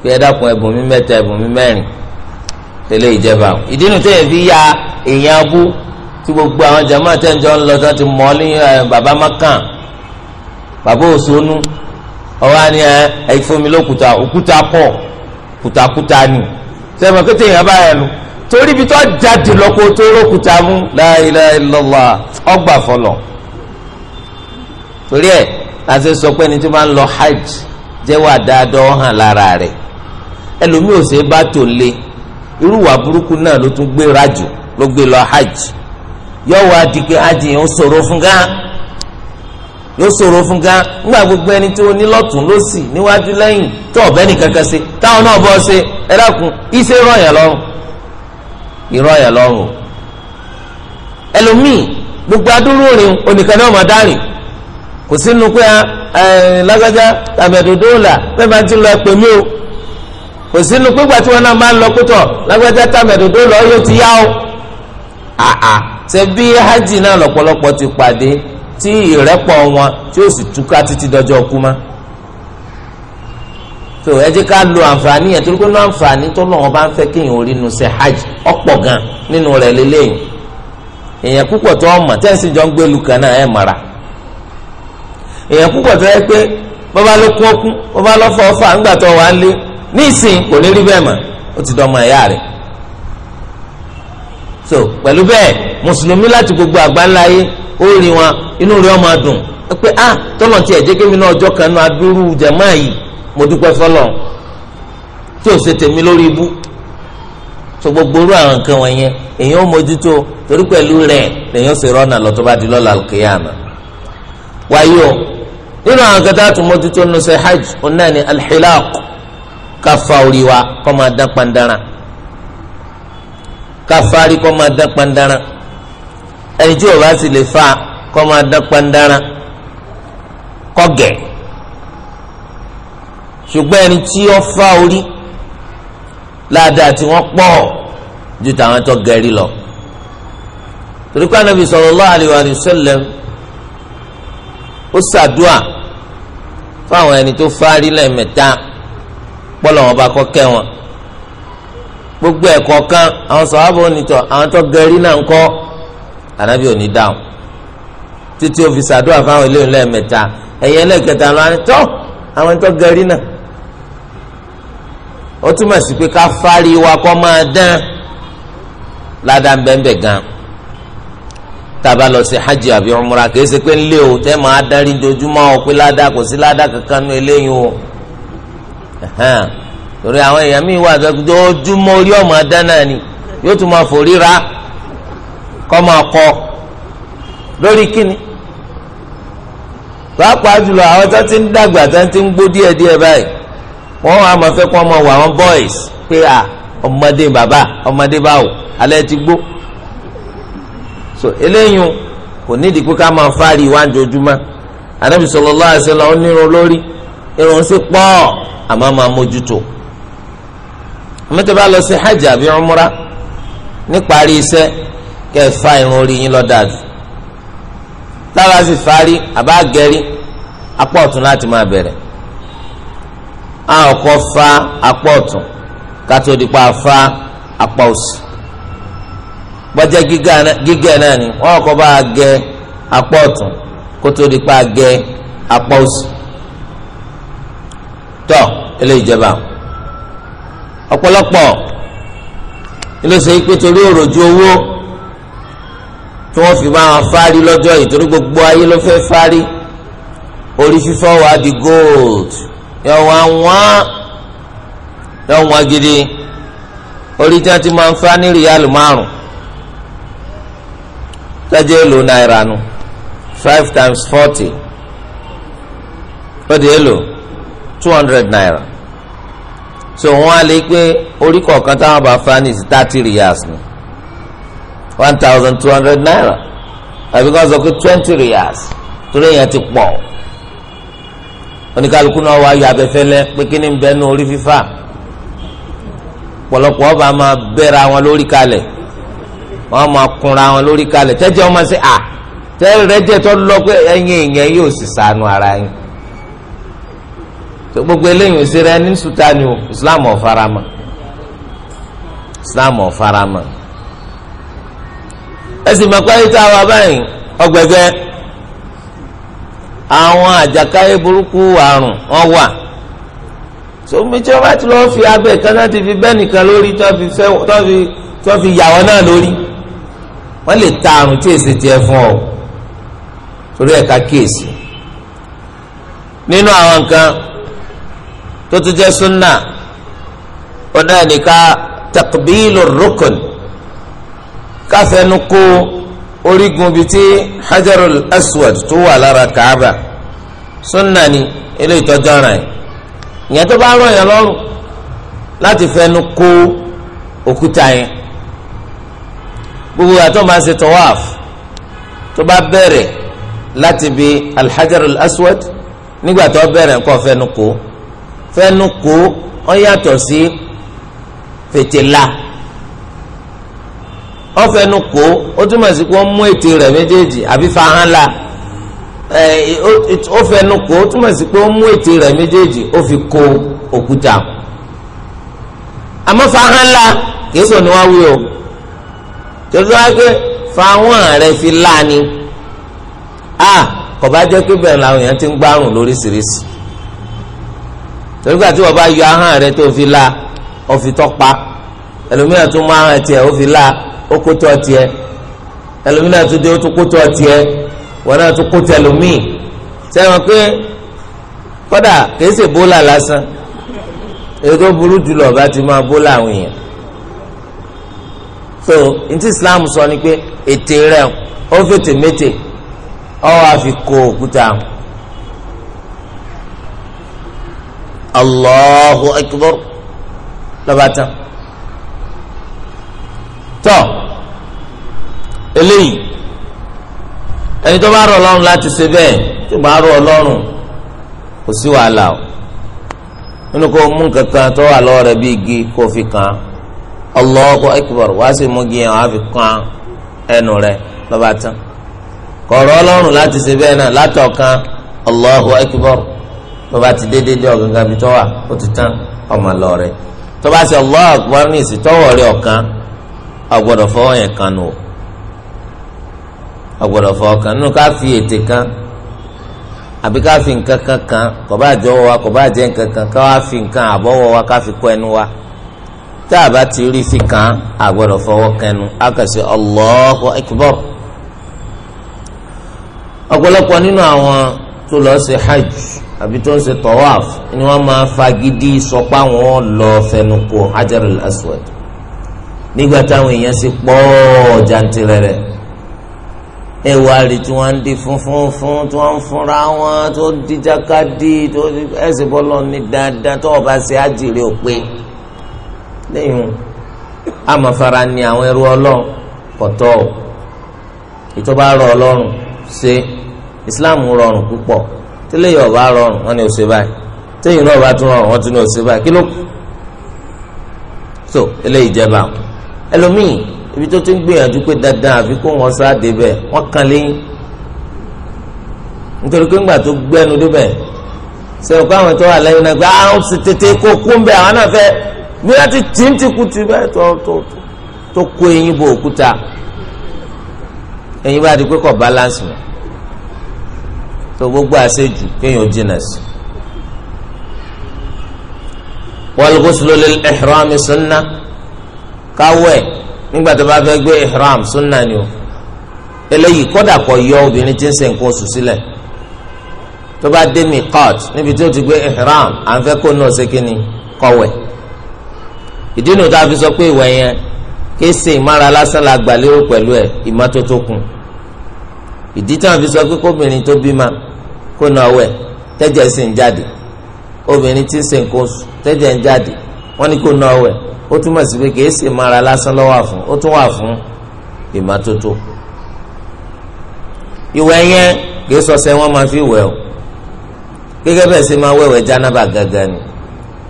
pé ẹ dákun ẹ̀bùn mi mẹ́ta ẹ̀bùn mi mẹ́rin tẹlẹ ìjẹba o ìdínú fi ya èèyàn abú tí gbogbo àwọn jama ń lọ tán ti baba makan baba fún mi lókùtà òkúta kùtàkùtà ni kí bá yẹ ibi tó jáde tó mú ọgbà torí sọ pé ẹni tó máa ń lọ hajj jẹ́wọ́ àdáadọ́ hàn lára rẹ̀ ẹlòmíì ò sè irú wà burúkú náà ló tún gbé rájò ló gbé lọ hajj yóò wá di pé hajj yẹn ó ṣòro fún gán yóò ṣòro fún gán nígbà gbogbo ẹni tó ní lọ́tún lọ́sì níwájú lẹ́yìn tó ọ̀bẹ nìkan kan ṣe táwọn náà bọ́ ṣe gbogbo adúrú rìn oníkan náà dárìn kò sínú pé ẹ lágbájá tàbí bẹ́ẹ̀ o kò sínú pípa tí wọn náà máa ń lọ pútọ̀ lágbájá tàmẹ̀dòdó lọ yóò ti yá o àà ṣe bí hajj náà lọ́pọ̀lọpọ̀ ti pàdé tí ìrẹ́pọ̀ wọn tí ó sì túká títí dọjọ kú mọ́ tó ẹ jẹ́ ká lo àǹfààní yẹn torí pé ní àǹfààní tó bá ń kéèyàn orí nu ṣe hajj gan nínú rẹ̀ lélẹ́yìn èèyàn púpọ̀ tó ọmọ tẹ́sí jọ ń gbé lu kan náà èèyàn tó yẹ nísìn kò ní rí bẹ́ẹ̀ mọ̀ ó ti dọ́mọ ẹ̀yà so pẹ̀lú bẹ́ẹ̀ mùsùlùmí láti gbogbo àgbáńlá yé ó rí wọn inú rẹ̀ ọmọ dùn pé ah tọ́lọ̀ tiẹ̀ jẹ́ kémi náà ọjọ́ kan náà adúrú jẹ̀mọ́ yìí mo dúpẹ́ fọlọ́ tí ò ṣe tèmi lórí ibú so gbogbo orú àwọn nǹkan wọ̀nyẹn èèyàn ó mójútó torí pẹ̀lú rẹ̀ lèèyàn ṣe rọ́nà lọ tó bá di lọ́la o nínú hajj ká fa orí wa kọ́ máa dán pandaran ká fárí kọ́ máa dán pandaran ẹni tí o bá sì lè fa kọ́ máa dán pandaran kọ́ gẹ̀ ṣùgbọ́n ẹni tí ó fa orí ládàá tí ju tàwọn tó gẹ̀rí lọ torí pé anabi sallallahu alaihi wa sallam ó ṣàdúà fáwọn ẹni tó fárí lẹ́ẹ̀mẹ́ta kpọlọ wọn bá kọ kẹ wọn gbogbo ẹ̀kọ́ kan àwọn sọ̀hábà onítọ̀ àwọn tó gẹ̀rí náà ń kọ́ ànábì òní dáhùn títí o fi sàdúrà fáwọn eléyìí lẹ́ẹ̀mẹ́ta ẹ̀yẹ lẹ́ẹ̀kẹta ló ń tọ́ àwọn tó gẹ̀rí náà ó túmọ̀ sí pé ká fárí wa kọ́ máa dán ládàá bẹ́ẹ̀ gan tàbá lọ sí hajj àbí umrah kì í ṣe pé ńlẹ́ o tẹ́ máa dárí dojúmọ́ ọ pé ládàá kò sí ládàá kankan nínú eléyìí o torí àwọn èèyàn míì wà ojoojúmọ́ orí ọmọ dáná ni yóò tún máa forí ra kọ́ máa kọ́ lórí kíni pàápàá jùlọ àwọn tó ti ń dàgbà tó ti ń gbó díẹ̀díẹ̀ báyìí wọ́n á máa fẹ́ kó ọmọ wà wọn boys pé à ọmọdé bàbá ọmọdé báwo alẹ́ ti gbó so eléyìí kò nídìí pé ká máa fárí wá jojúmọ́ Ànábì sallallahu alaihi wasallam onírun lórí irun sí pọ̀ àmọ́ máa mójútó mẹtẹ bá lọ sí hajj àbí umra níparí iṣẹ́ kẹfà irun orí yín lọ dájú tára sì fárí àbá gẹrí apá ọ̀tún láti máa bẹ̀rẹ̀ a ò kọ́ fa apá ọ̀tún kátó dípa fa apá òsì bọ́jẹ́ náà ni wọ́n kọ́ bá gẹ apá ọ̀tún kótó dípa gẹ apá tọ́ ilé ìjọba ọ̀pọ̀lọpọ̀ ilé ṣe pé torí òròjú owó tí wọ́n fi máa fárí lọ́jọ́ yìí torí gbogbo ayé ló fẹ́ fárí orí fífọ́ wa di gold yọ wá wọ́n yọ wọ́n gidi orí tí wọ́n ti máa ń fa ní ríálù márùn tọ́jú èlò náírà nu five times forty ó di èlò. 200 naira so wọn á lè pé orí kọ̀ọ̀kan táwọn bá fa ní thirty riyals ni one thousand two hundred naira àbí kan sọ pé twenty riyals torí èèyàn ti pọ̀ oníkálukú náà wá yọ abẹ́fẹ́lẹ́ pé kí ni bẹ́ẹ̀ nu orí fífà pọ̀lọpọ̀ ọba máa bẹ́ra wọn lórí kalẹ̀ wọn máa kunra wọn lórí kalẹ̀ tẹ́jẹ́ wọn máa ṣe à tẹ́rẹ̀ẹ́dẹ́tọ́ lọ pé ẹ̀yin yóò sì sànù ara yín. tó gbogbo eléyìí òsè rẹ sùtá ni o islam ọ̀farama islam ọ̀farama tá a wà báyìí àwọn àjàkáyé burúkú àrùn wọn wà so méjì wọn bá ti lọ fi abẹ kan ti fi bẹ́ẹ̀ nìkan lórí tó fi fi tó fi náà lórí lè ta tó tún jẹ́ súnà ọ̀nà nìka takbílù rukun káfẹ́nu kó orígun bíi ti hajarul aswad tó wà lára kaaba súnà ni ilé ìtọ́jú ara yẹn ìyẹn tó bá rọ̀ yẹn lọ́rùn láti fẹ́nu òkúta yẹn gbogbo àtọ́ máa ṣe tawaf tó bá bẹ̀rẹ̀ láti bi alhajar aswad nígbà tó bẹ̀rẹ̀ nǹkan fẹ́nu fẹ́nu kó ọ yàtọ̀ sí fètèlà ọ fẹ́nu kó ó túmọ̀ sí kó mú ètè rẹ̀ méjèèjì àbí fahánlá ó fẹ́nu kó ó túmọ̀ sí kó mú ètè rẹ̀ méjèèjì ó fi kó òkúta àmọ́ fahánlá kìí ni wá wí o torí wá fáwọn rẹ̀ fi lá ni a kò bá jẹ́ pé bẹ́ẹ̀ làwọn èèyàn ti ń gbárùn lóríṣiríṣi tẹ̀lifà tí wọ́n bá yọ ahọ́n rẹ tó fi la ọ̀fi tọ́pa ẹlòmíràn tó mú ahọ́n tiẹ̀ ó fi la ó kó tọ́ tiẹ̀ ẹlòmíràn tó dé ó tó kó tọ́ tiẹ̀ wọn náà tó kó tẹlòmíì sẹ́wọ̀n pé kọ́dà kìí ṣe bólà lásán èyí burú jùlọ ọba ti máa bólà àwọn èèyàn so ntí Islam sọ ni pé ètè rẹ ó fètè mété ọ wá kó òkúta àwọn. Allahu akbar lọ́ba tán tọ́ eléyìí ẹni tó bá rọ̀ ọlọ́run láti ṣe bẹ́ẹ̀ tó bá rọ̀ ọlọ́run kò sí wàhálà o nínú kó mú nǹkan kan tó wà lọ́wọ́ rẹ̀ bí igi kó fi kàn án Allahu wá sí mú igi yẹn wá fi kàn ẹnu rẹ̀ lọ́ba tán kọ̀ọ̀rọ̀ ọlọ́run láti ṣe bẹ́ẹ̀ náà látọ̀kan Allahu akbar. tó bá ti dédé dé ọ̀gángan bí tó wà ó ti tán ọmọ lọ rẹ tó bá ṣe Allahu Akbar ní ìsìtọ́wọ̀ rẹ ọ̀kan ọ̀gbọ́dọ̀ fọwọ́ yẹn kan nù ọ̀gbọ́dọ̀ fọwọ́ kan nínú ká fi ètè kan àbí ká fi nǹkan kan kan kò bá jọwọ́ wa kò bá nǹkan kan ká wá fi nǹkan wa ká fi kọ́ ẹnu wa tá a bá ti rí fi kan fọwọ́ kẹnu á kà sí ọ̀pọ̀lọpọ̀ nínú àwọn tó lọ sí hajj àbí tó ń ṣe tọ́wáf ni wọ́n máa fagídí sọpá wọn lọ fẹnukò hajarul aswad nígbà táwọn èèyàn sì pọ̀ jantirẹrẹ ẹ wá rí tí wọ́n ń di funfun fún tí wọ́n ń fúnra wọn tó díjákadì tó ẹsẹ̀ bọ́lọ́ ní dáadáa tó ọba ṣe ájìrè òpè lẹ́yìn amọ̀fara ni àwọn ẹrú ọlọ́run kọ̀tọ́ ìtọ́ba rọ ọlọ́run ṣe Islam rọrùn púpọ̀ tẹ́lẹ̀ yìí ọba rọrùn wọ́n ní ó ṣe báyìí tẹ́yìn náà ọba tún rọrùn wọ́n tún ní ó ṣe báyìí kí ló kù so eléyìí jẹba ẹlòmíì ibi tó ti ń gbìyànjú pé dandan àfi kó wọn sá débẹ̀ wọ́n kan lẹ́yìn nítorí pé ńgbà tó gbẹ́nu débẹ̀ sẹ́wọ́n káwọn tó wà lẹ́yìn náà gbà áwọn ah, sì tètè kó kú ń bẹ àwọn náà fẹ́ bí wọ́n ti tì ń ti kú ti bẹ́ẹ̀ tó tó tó kó eyín bo òkúta eyín bá di pé kò balance mọ́ tó gbogbo àṣejù kéèyàn jìnnà sí. wal ghuslu lil ihram sunna káwẹ̀ nígbà tó bá fẹ́ gbé ihram sunna ni o eléyìí kódà kó yọ obìnrin tí ń ṣe nǹkan oṣù sílẹ̀ tó bá dé miqat níbi tí ó ti gbé ihram à ń fẹ́ kó náà ṣe kí ni kọ̀wẹ̀ ìdí nu tá a fi sọ pé ìwẹ̀ yẹn kí ṣe ìmára lásán la gbà lérò pẹ̀lú ẹ̀ ìmọ́tótó kún ìdí tí wọ́n fi sọ pé kóbìnrin tó ma kó na ọwẹ́ tẹ́jẹ̀ sì ń jáde obìnrin tí ń ṣe nǹkan oṣù tẹ́jẹ̀ ń jáde wọ́n ní kó na ọwẹ́ ó túmọ̀ sí pé kìí ṣe mara lásán ló wà fún ó tún wà fún ìmọ́tótó ìwẹ̀ yẹn kìí sọsẹ wọn máa fi wẹ̀ o gẹ́gẹ́ bẹ́ẹ̀ ṣe máa wẹ̀wẹ̀ jánábà gangan ni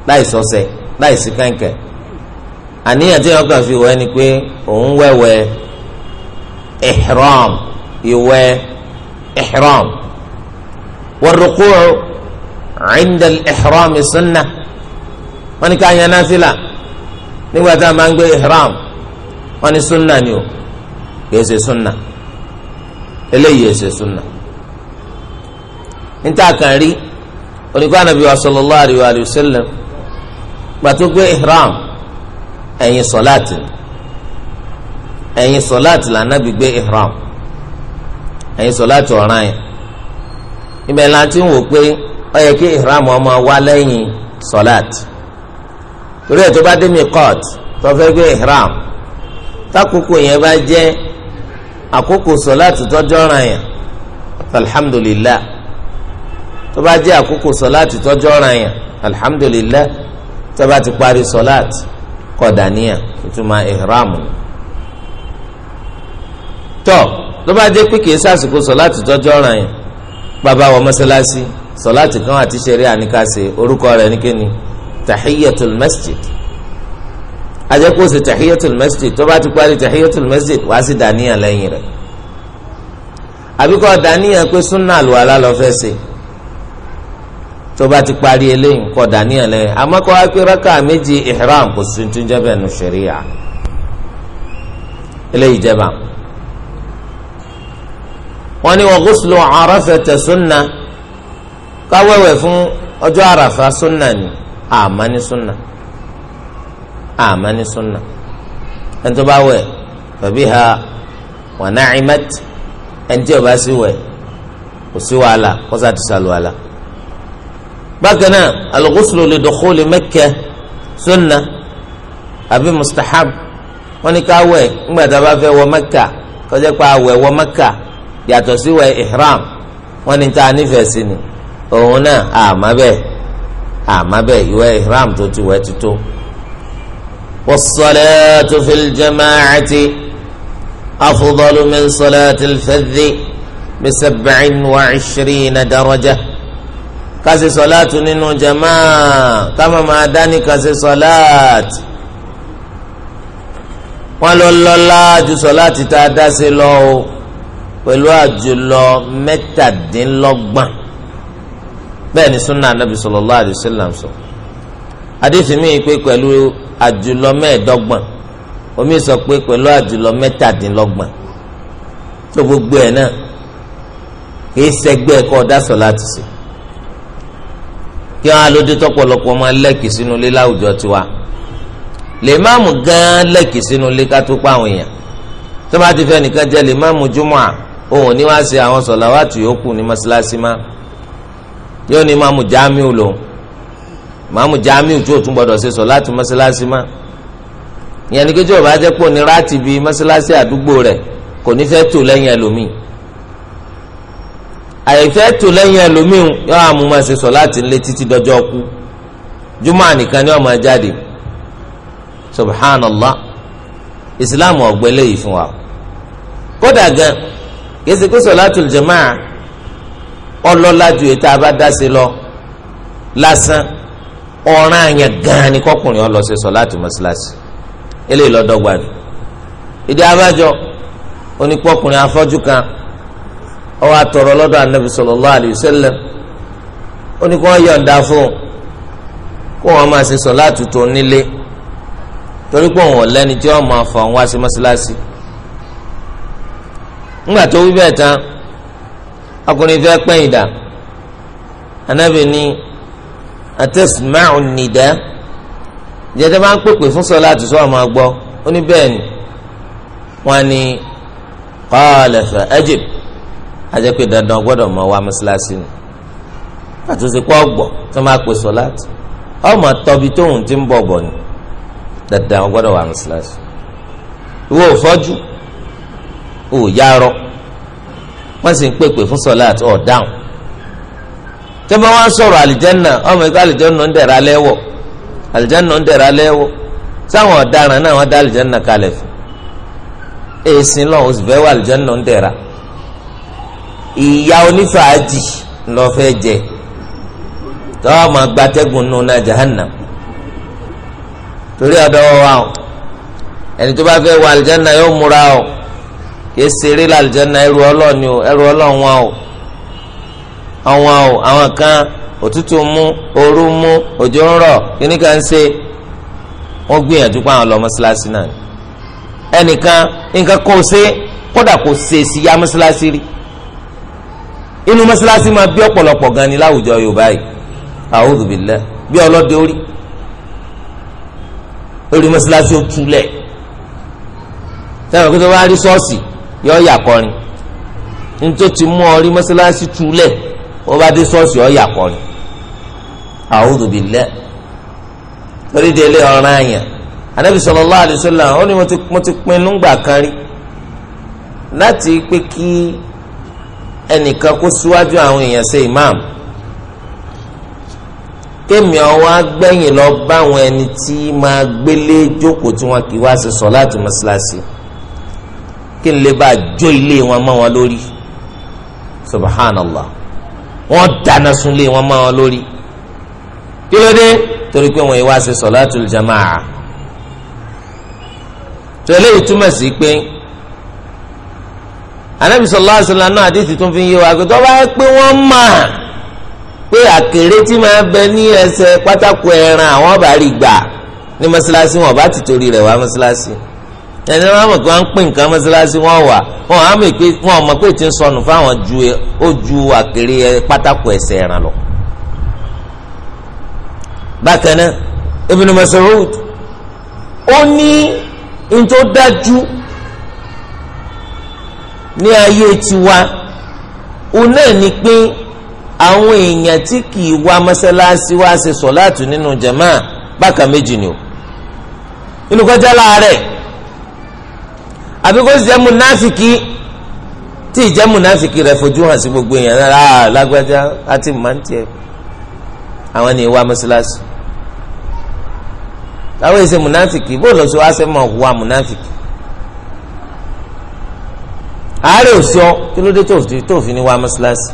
láì sọsẹ láì sí àníyàn tí kàn fi wẹ̀ ni pé òun wẹ̀wẹ̀ ìwẹ̀ ihram warruku' inda ihram sunna wọ́n ní ká yan nafila nígbà tá a máa ń gbé ihram wọ́n ní sunna ni o kìí ṣe sunna eléyìí yìí ṣe sunna níta kan rí onígbà nàbí wa alayhi wa sallam gbàtó gbé ihram ẹ̀yìn sọ̀láàtì ẹ̀yìn sọ̀láàtì lànà bí gbé ihram ẹ̀yin sọ̀láàtì ọ̀ràn yẹn ibẹ̀ la ti ń wò pé ó yẹ kí ìhram ọmọ wa lẹ́yìn sọ̀láàtì torí ẹ̀ tó bá dé mi kọ́ọ̀t tó fẹ́ gbé ìhram tákòókò yẹn bá jẹ́ àkókò sọ̀láàtì tọ́jọ́ ọ̀ràn yẹn alhamdulilah tó bá jẹ́ àkókò sọ̀láàtì tọ́jọ́ ọ̀ràn yẹn alhamdulilah tó bá ti parí sọ̀láàtì kọ̀dàníyà ìtumọ̀ ìhram tọ́ ló bá jẹ́ pé kìí sàsìkò sọ̀láàtì tọ́jú ọ̀ràn yẹn bàbá wọ mọ́sálásí sọ̀láàtì kan àti ṣeré àníkàṣe orúkọ rẹ̀ nìkéni tahiyatul masjid ajẹ́kó ṣe tahiyatul masjid tó bá ti parí tahiyatul masjid wàá sì dàníyàn lẹ́yìn rẹ̀ àbíkọ́ dàníyàn pé súnà àlùwàlá lọ fẹ́ ṣe tó bá ti parí eléyìí kọ́ dàníyàn lẹ́yìn àmọ́ kọ́ méjì ihram kò sí tún jẹ́ bẹ́ẹ̀ nù ṣẹ̀ríyà eléyìí jẹ́ báwọn wọ́n ní wa ghuslu Arafata sunna káwẹ́wẹ̀ fún ọjọ́ àràfà sunna ni àmà ní sunna àmà ní sunna ẹni tó bá wẹ̀ fabiha wa na'imat ẹni tí ó bá sì wẹ̀ kò sí wàhálà kó sá ti sàlù wàhálà. bákan náà al-ghuslu li dukhuli àbí mustahab wọ́n ní káwẹ̀ ńgbàdàbà fẹ́ wọ Mẹ́kà kọjá pa àwẹ̀ wọ Mẹ́kà yàtọ̀ sí wẹ̀ ihram wọ́n ní ta nífẹ̀ẹ́ sí ni òun náà àmọ́ bẹ́ẹ̀ àmọ́ bẹ́ẹ̀ ìwẹ̀ ihram tó ti wẹ̀ tító. wassalatu fil jama'ati afdalu min salatil fadhi bi sab'in wa ishrina daraja kasi sọláàtù nínú jamaa kama máa dání kasi sọláàtù wọn lọ lọ́lá ju sọláàtù tá a dá pẹ̀lú àjùlọ mẹ́tàdínlọ́gbọ̀n bẹ́ẹ̀ ni sunna anabi sallallahu alayhi wa sallam sọ àdéhùn mi pé pẹ̀lú àjùlọ mẹ́ẹ̀ẹ́dọ́gbọ̀n omi sọ pé pẹ̀lú àjùlọ mẹ́tàdínlọ́gbọ̀n tó gbogbo ẹ̀ náà kìí sẹgbẹ́ ẹ̀kọ́ dasọ̀ láti sè kí wọn alóde tọpọlọpọ máa lẹ́kì sínú ilé láwùjọ tiwa lè máàmù gan lẹ́kì sínú ilé ká tó pa àwọn èèyàn tó bá ti fẹ́ nìkan jẹ́ lè máàmù júmọ́ à òun ní wá ṣe àwọn sọ̀làwátì yòókù ní mọ́ṣáláṣí má yóò ní máàmù jamiu lòun máàmù jamiu tí ò tún gbọdọ̀ ṣe sọ̀láàtì mọ́ṣáláṣí má ìyẹn ní kéjọ́ bá jẹ́ pò ní ráàtì bíi mọ́ṣáláṣí àdúgbò rẹ̀ kò ní fẹ́ tò lẹ́yìn ẹlòmíì àyẹ̀fẹ́ tò lẹ́yìn ẹlòmíì yóò àmú máa ṣe sọ̀láàtì ńlẹ̀ títí dọjọ́ kú jùmọ̀ nìkan ni wọ́n máa jáde subhanallah islam ọ̀gbẹ́lẹ̀ yìí fún wa kódà gan kìsì pé sọláàtù jamaa ọlọ́lá ju ètò àbádáṣe lọ lásán ọ̀ràn àyàn gan-an ni kọkùnrin ó lọ ṣe sọláàtù mọ́ṣáláṣí eléyìí lọ́dọ́gba ni ìdí abájọ onípọ̀kùnrin afọ́jú kan ó wá tọrọ lọ́dọ̀ anabi sallallahu alayhi wa sallam ó ní kó wọ́n yọ̀ǹda fún kó wọ́n máa ṣe sọláàtù tó nílé torí pé òun ò tí wọ́n máa fọ̀ wá sí mọ́ṣáláṣí ńgbà tó wí bẹ́ẹ̀ tán ọkùnrin fẹ́ pẹ́yìn dà anábì ní atẹ́sìmáà nìdá jẹjẹ bá ń pèpè fún sọlá àti sọ àmọ́ àgbọ́ ó ní bẹ́ẹ̀ ni wọ́n ní qala fa ajib ajẹ́ pé dandan gbọ́dọ̀ mọ̀ wá mọ́sálásí ni àtúnṣe pọ̀ ọgbọ̀ tó máa pè sọlá àti ọmọ tọbi tóun ti ń bọ̀ bọ̀ ni dandan gbọ́dọ̀ wá mọ́sálásí ìwọ fọ́jú. ò yarọ wọ́n sì ń pèpè fún sọláàtì ọ̀ dáhùn wọn sọ̀rọ̀ àlìjẹ́nà ọmọ ẹgbẹ́ àlìjẹ́nà ń dẹ̀ra lẹ́wọ̀ àlìjẹ́nà ń dẹ̀ra lẹ́wọ̀ sáwọn ọ̀daràn náà wọ́n dá àlìjẹ́nà kalẹ̀ fún èsì lọ oṣù fẹ́ wà àlìjẹ́nà ń ìyá onífàájì jẹ nù náà torí yẹ ṣeré lálùjáná ẹrù ọlọ́ọ̀ni o ẹrù ọlọ́ọ̀n wọn o àwọn o àwọn kan òtútù mú ooru mú òjò ń rọ̀ kíní kan ṣe wọ́n gbìyànjú pé àwọn lọ mọ́ṣáláṣí náà ẹnìkan nǹkan kò ṣe kódà kò ṣe sí ya mọ́ṣáláṣí rí inú mọ́ṣáláṣí máa bí ọ̀pọ̀lọpọ̀ gan ni láwùjọ Yorùbá yìí a'udhu billah bí ọlọ́dẹ orí orí mọ́ṣáláṣí ó túlẹ̀ sẹ́wọ̀n kí tó bá rí ṣọ́ọ̀ṣì yọ yàkọrin nítorí ti mú ọ rí mọ́sálásí túlẹ̀ wọ́n bá dé sọ́ọ̀sì ọ yàkọrin a'udhu billah torí délé ọ̀ràn àyàn anabi sallallahu alaihi wasallam ó ní mo ti pinnu gbà kan rí láti pé kí ẹnìkan kó síwájú àwọn èèyàn imam kémi ọwọ́ agbẹ́yìn lọ bá àwọn ẹni tí máa gbélé jókòó tí wọ́n kì í wá sọ láti kí n lè bá jó ilé wọn mọ́ wọn lórí subhanallah wọ́n dáná sunlé wọn mọ́ wọn lórí kí ló dé torí pé wọ́n yìí wá sí sọ̀látùl jamaa tẹ̀lé ìtumọ̀ sí pé anabi sallallahu alaihi wasallam náà àdìsí tún fi ń yé wa àgbẹ̀tọ́ bá yẹ pé wọ́n mọ̀ pé àkèré tí máa bẹ ní ẹsẹ̀ pátákó ẹran àwọn bá rí gbà ní mọ́sálásí wọn bá ti torí rẹ̀ wá mọ́sálásí ẹni wọn mọ̀ pé wọ́n ń pín nǹkan mọ́sálásí wọn wà wọn á mọ̀ pé wọn mọ̀ pé tí ń sọnù fáwọn ju ó ju àkèrè pátákó ẹsẹ̀ ẹ̀ràn lọ. bákan náà Ibn Mas'ud ó ní n tó dájú ní ayé tiwa òun náà ni pé àwọn èèyàn tí kì í wá mọ́sálásí wá ṣe sọ̀láàtù nínú jàmáà bákan méjì ni o inú kọjá láàárẹ̀ àbí kó jẹ́ múnáfìkì tí ì jẹ́ múnáfìkì rẹ̀ fojú hàn sí gbogbo èèyàn náà ah, lágbájá àti màntìẹ àwọn ni ìwà mọ́sálásí àwọn èsè múnáfìkì bóòlù ọ̀sọ́ wá sẹ́mọ̀ wà múnáfìkì àárẹ̀ òsọ kí ló dé tó fi ní wà mọ́sálásí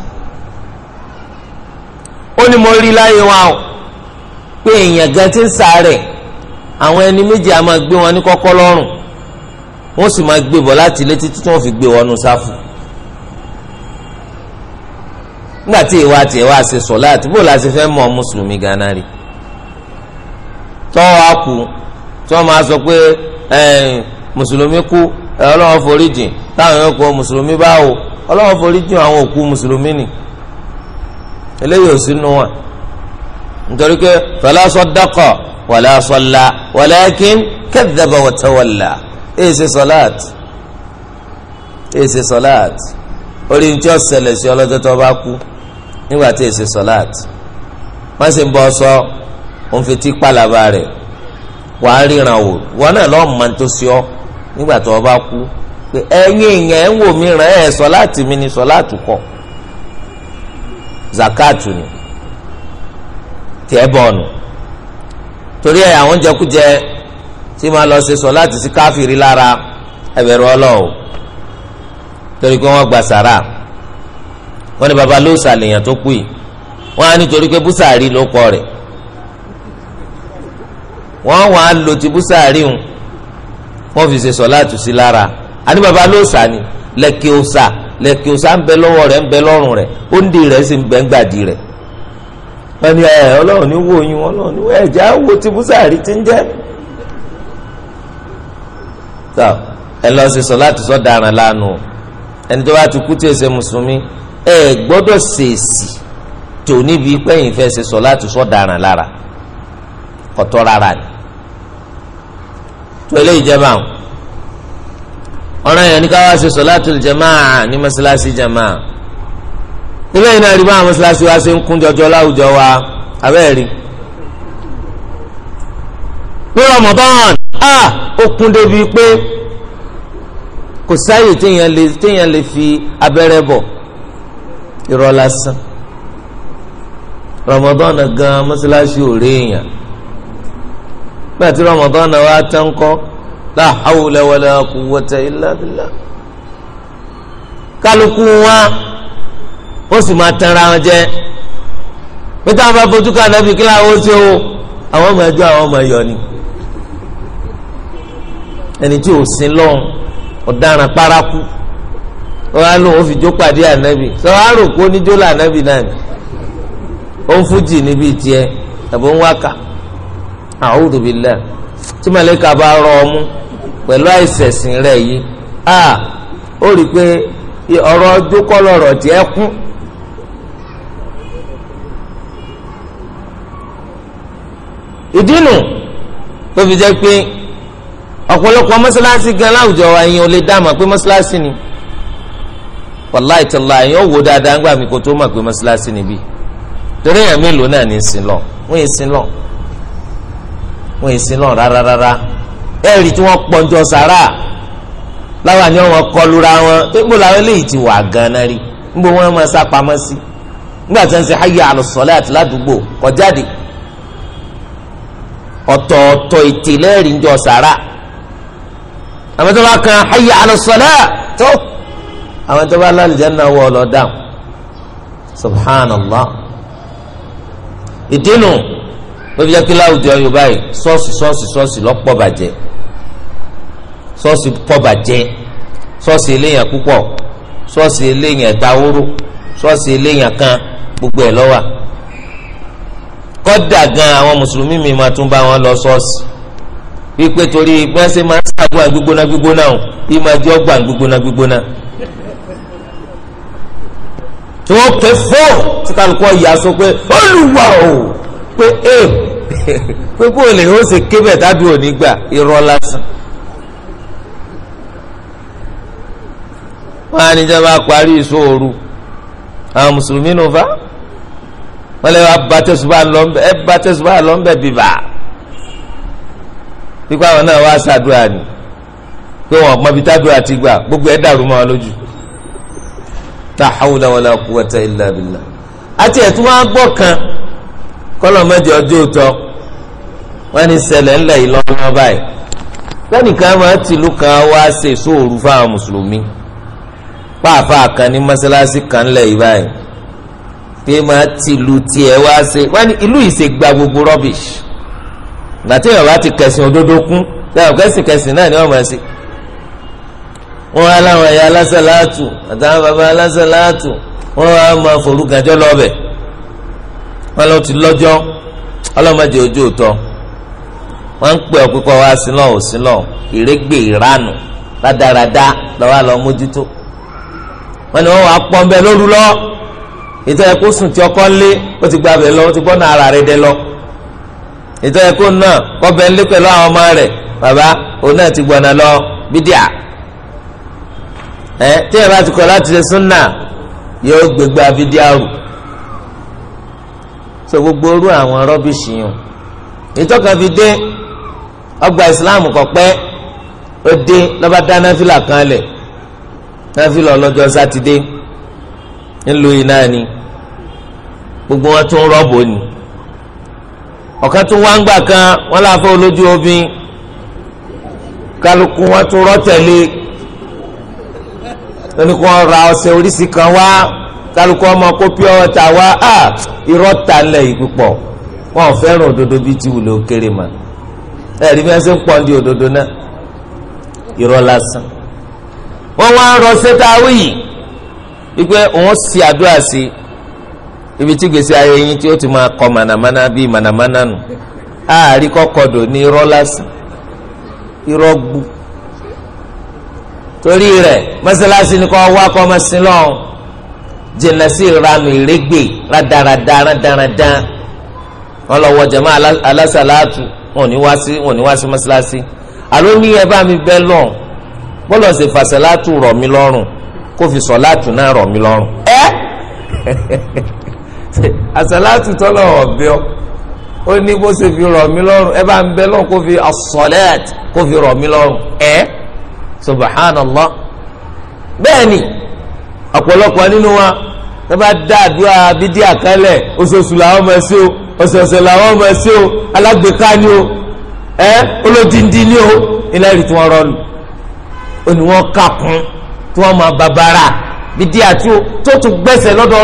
ó ní mo rí láyé wa o pé èèyàn gan ti ń sàárẹ̀ àwọn ẹni méjì a máa gbé wọn ní kọ́kọ́ lọ́rùn wọ́n sì máa gbé bọ̀ láti ilé títí tí wọ́n fi gbé wọnú sáfù nígbà tí ìwà àti ìwà àṣẹ sọ̀láàtì bó la ṣe fẹ́ mọ̀ mùsùlùmí gánà rí tọ́wọ́ á kú tí wọ́n máa sọ pé mùsùlùmí kú ọlọ́wọ́ foríjìn táwọn yóò kó mùsùlùmí báwo ọlọ́wọ́ foríjìn àwọn òkú mùsùlùmí ni eléyìí ò sínú wọn nítorí pé fala saddaqa wala salla walakin kadhaba wa tawalla. Ese sọláàt ese sọláàt orí ní tí ó ṣẹlẹ̀ sí ọlọ́jọ́ tó bá kú nígbà tí èsè sọláàt wọ́n sì ń bọ́ sọ òun fi tí pàlàbà rẹ̀ wàá ríran wò wọn náà lọ́ọ́ mọ̀ tó sí ọ nígbà tó bá kú pé ẹ̀yin èèyàn ń wò mí ràn ẹ̀ sọláàtì mi ni sọláàtù kọ zakatu ni tẹ́ bọ́ọ̀nù torí ẹ̀ àwọn jẹkújẹ tí máa lọ ṣe sọ láti sí káfíìrì lára ẹbẹ̀rù ọlọ́wọ́ torí pé wọ́n gba sàrà wọ́n ní baba ló sàlèyàn tó kú yìí wọ́n á nítorí pé búsàárì ló kọ rẹ̀ wọ́n wà á lo ti búsàárì hùn wọ́n fi ṣe sọ láti sí lára àní baba ló sà ni lẹ́kẹ̀ ọ̀sà lẹ́kẹ̀ ọ̀sà ń bẹ lọ́wọ́ rẹ̀ ń bẹ lọ́rùn rẹ̀ ó ń di rẹ̀ sì ń bẹ ń gbàdí rẹ̀ wọ́n ni ẹ̀ ọlọ́run ní wo yín ọlọ́run ní wo ẹ̀já wo ti búsàárì ti ń jẹ́ tó ẹ lọ sí sọ láti sọ daran lánàá ẹni tó bá ti kú tí ẹ ṣe mùsùlùmí ẹ gbọ́dọ̀ ṣèèsì tó níbi pẹ́yìn fẹ́ ṣe sọ láti sọ daran lára kọ̀tọ́ rárá ni tó eléyìí jẹ́ báwọn ọ̀ràn yẹn ní ká wá ṣe sọ̀látùl jamaa ní mọ́ṣáláṣí jamaa níbẹ̀ yìí náà rí báwọn mọ́ṣáláṣí wa ṣe ń kún jọjọ láwùjọ wa abẹ́ẹ̀ rí. ní Ramadan a ó kún débi pé kò sáyè téèyàn lè téèyàn lè fi abẹ́rẹ́ bọ̀ irọ́ lásán Ramadan gan mọ́sálásí ò rí èèyàn nígbà tí Ramadan wa tán kọ́ la hawla wala quwwata illa billah kálukú wa ó sì máa tanra wọn jẹ pété àwọn bá fojú ká nàbì kí làwọn ó ṣe o àwọn ọmọ ẹjọ àwọn ọmọ ẹyọ ni. ẹni tí ò sin lọ́hùn ọ̀daràn paraku wọn á lò ó fi jó pàdé ànábì sọ wàá rò kó níjó là ànábì náà ni ó ń fújì níbi tiẹ̀ tàbí ń wákà a'udhu billah tí bá rọ ọmú pẹ̀lú àìsẹ̀sìn rẹ̀ yìí a ó rí i pé ọ̀rọ̀ jókòó lọ̀rọ̀ tiẹ̀ ìdí nu tó fi jẹ́ pé. ọ̀pọ̀lọpọ̀ mọ́sálásí gan láwùjọ wa yẹn ò lè dá àmọ̀ pé mọ́sálásí ni wàláì tó la yẹn ó dáadáa ńgbà mi tó mọ̀ pé mọ́sálásí ni bí torí ẹ̀mí ìlú náà ní sin lọ wọ́n rárá tí wọ́n sàrà kọlura wọn pé ti wà gan-an rí wọn máa sí tí wọ́n ládùúgbò kọjáde ọ̀tọ̀ọ̀tọ̀ ètè àwọn tó bá kan hayya ala salat tó àwọn tó bá lálùjáná wọ lọ dáhùn subhanallah ìdínú lóbi jẹ́ kí láwùjọ yorùbá yìí ṣọ́ọ̀ṣì ṣọ́ọ̀ṣì ṣọ́ọ̀ṣì lọ́pọ̀ bàjẹ́ ṣọ́ọ̀ṣì pọ̀ bàjẹ́ ṣọ́ọ̀ṣì eléyàn púpọ̀ ṣọ́ọ̀ṣì eléyàn ẹ̀dáwóró ṣọ́ọ̀ṣì eléyàn kan gbogbo ẹ̀ lọ́wà kọ́dà gan àwọn mùsùlùmí mi máa tún bá wọn lọ ṣọ́ọ̀ṣì wípé torí bẹ́ẹ̀ ṣe máa ń ṣàdúrà gbígbóná gbígbóná o bí máa jẹ́ ọgbà gbígbóná gbígbóná. tí wọ́n ké fó tí kálukú ọ̀yà sọ pé olùwà o pé e pé bó lè ó ṣe ké bẹ̀ tábí òní gbà irọ́ lásán. wọ́n á ní jẹba parí ìṣòro àwọn mùsùlùmí nù fa wọ́n lè wá bá tẹ̀sùbà lọ́nbẹ̀ ẹ bá pípa àwọn náà wá ṣàdúrà ni pé wọn ọgbọ́n bíi tádùá ti gbà gbogbo ẹ̀ dàrú mọ́ wọn lójú ta hawla wala quwwata illa billah àti ẹ̀tún wọn gbọ́ kan kọ́lọ̀ mẹ́jọ ọjọ́ òótọ́ wọn ní ṣẹlẹ̀ ńlẹ̀ ìlọ́wọ́ báyìí lẹ́nìkan máa tìlú kan wá ṣe sóòrù fáwọn mùsùlùmí pàápàá kan ní mọ́ṣáláṣí kan ńlẹ̀ yìí báyìí pé máa tìlú tiẹ̀ wá ṣe wọn ní ìlú ìṣègbà gbogbo rubbish gbàtí yorùbá ti kẹsìn òdodo kún sẹ́wọ̀n kẹsìn kẹsìn náà ni wọ́n máa ṣe. wọ́n á láwọn ẹ̀yà alásàlátù àtàwọn bàbá alásàlátù wọ́n á máa forúkàjọ́ lọ́bẹ̀ wọ́n lọ ti lọ́jọ́ ọlọ́mọdé ojú òtọ́ wọ́n ń pè ọ́ pípọ́ wá sílọ̀ ò sílọ̀ ìrégbè ìranù rádaràdá lọ́wọ́ àlọ́ mójútó wọ́n ní wọ́n wàá pọ́ńbẹ́ lóru lọ ẹ̀kú sùn tí ọkọ́ lé ó ti gbàbẹ̀ lọ ó ti gbọ́nà ara rẹ̀ dẹ lọ ètò ẹ̀kọ́ náà kọ́bẹ̀ ńlẹ́ pẹ̀lú àwọn ọmọ rẹ̀ bàbá òun náà ti gbọ̀nà lọ bídíà ẹ tí ẹ bá ti kọ̀ láti ṣe súnà yóò gbégbá bídíà rù so gbogbo orú àwọn rọ́bìṣì yìí ìtọ́ka fi dé ọgbà ìsìláàmù kò pẹ́ ó dé lọ́ba dá náfìlà kan lẹ̀ náfìlà ọlọ́jọ́ sátidé ńlò yìí náà ni gbogbo wọn tún rọ́bù ni ọ̀kan tún wá ń gbà kan wọ́n láfẹ́ olójú obìn kálukú wọn tún rọ́tẹ̀lé lónìí kó ra ọṣẹ oríṣi kan wá kálukú ọmọ kó pure water wá à irọ́ ta ńlẹ̀ yìí púpọ̀ wọn ò fẹ́ràn òdodo bíi ti wùlé òkèrè mà ẹ̀rí bí wọ́n ṣe ń pọ̀ ní òdodo náà irọ́ lásán wọ́n wá ń rọ ṣẹ́tàwí yìí wípé òun ṣe àdúrà sí i ibi tí gbèsè ayé yín tí ó ti máa kọ mànàmáná bíi mànàmáná nù àárí kọkọdọ ní irọ́ lásán irọ́ gbu torí rẹ̀ mọ́sálásí ni kò wá kọ́ ọmọ sí lọ́hùn jìnnà sí ìranù ìrégbè rádaràdá rádaràdá wọn lọ wọ jẹmọ alásàlátù wọn ò ní wá sí wọn ò ní wá sí mọ́sálásí àló ní ẹ bá mi bẹ́ lọ bọ́lọ̀ ṣe fàṣẹ látù rọ̀ mí lọ́rùn kó fi sọ látù náà rọ̀ mí lọ́rùn ẹ́ àsàlátù tọ́lọ̀ ọ̀bẹ ọ ó ní kó se fi rọ̀ mí lọ́rùn ẹ bá ń bẹ lọ́rùn kó fi as-salat kó fi rọ̀ mí lọ́rùn ẹ subhanallah bẹ́ẹ̀ ni ọ̀pọ̀lọpọ̀ nínú wa ẹ bá dá àdúrà bídí àkálẹ̀ oṣooṣù làwọn ọmọ ẹ sí o ọ̀sẹ̀ọ̀sẹ̀ làwọn ọmọ ẹ sí o alágbèéká ni o ẹ olódìndí ni o ilé ẹ̀rí tí wọ́n rọ́ọ̀lù ó ní wọ́n kà kún tí wọ́n máa bàbàrà bídí àti tó tún gbẹ̀sẹ̀ lọ́dọ̀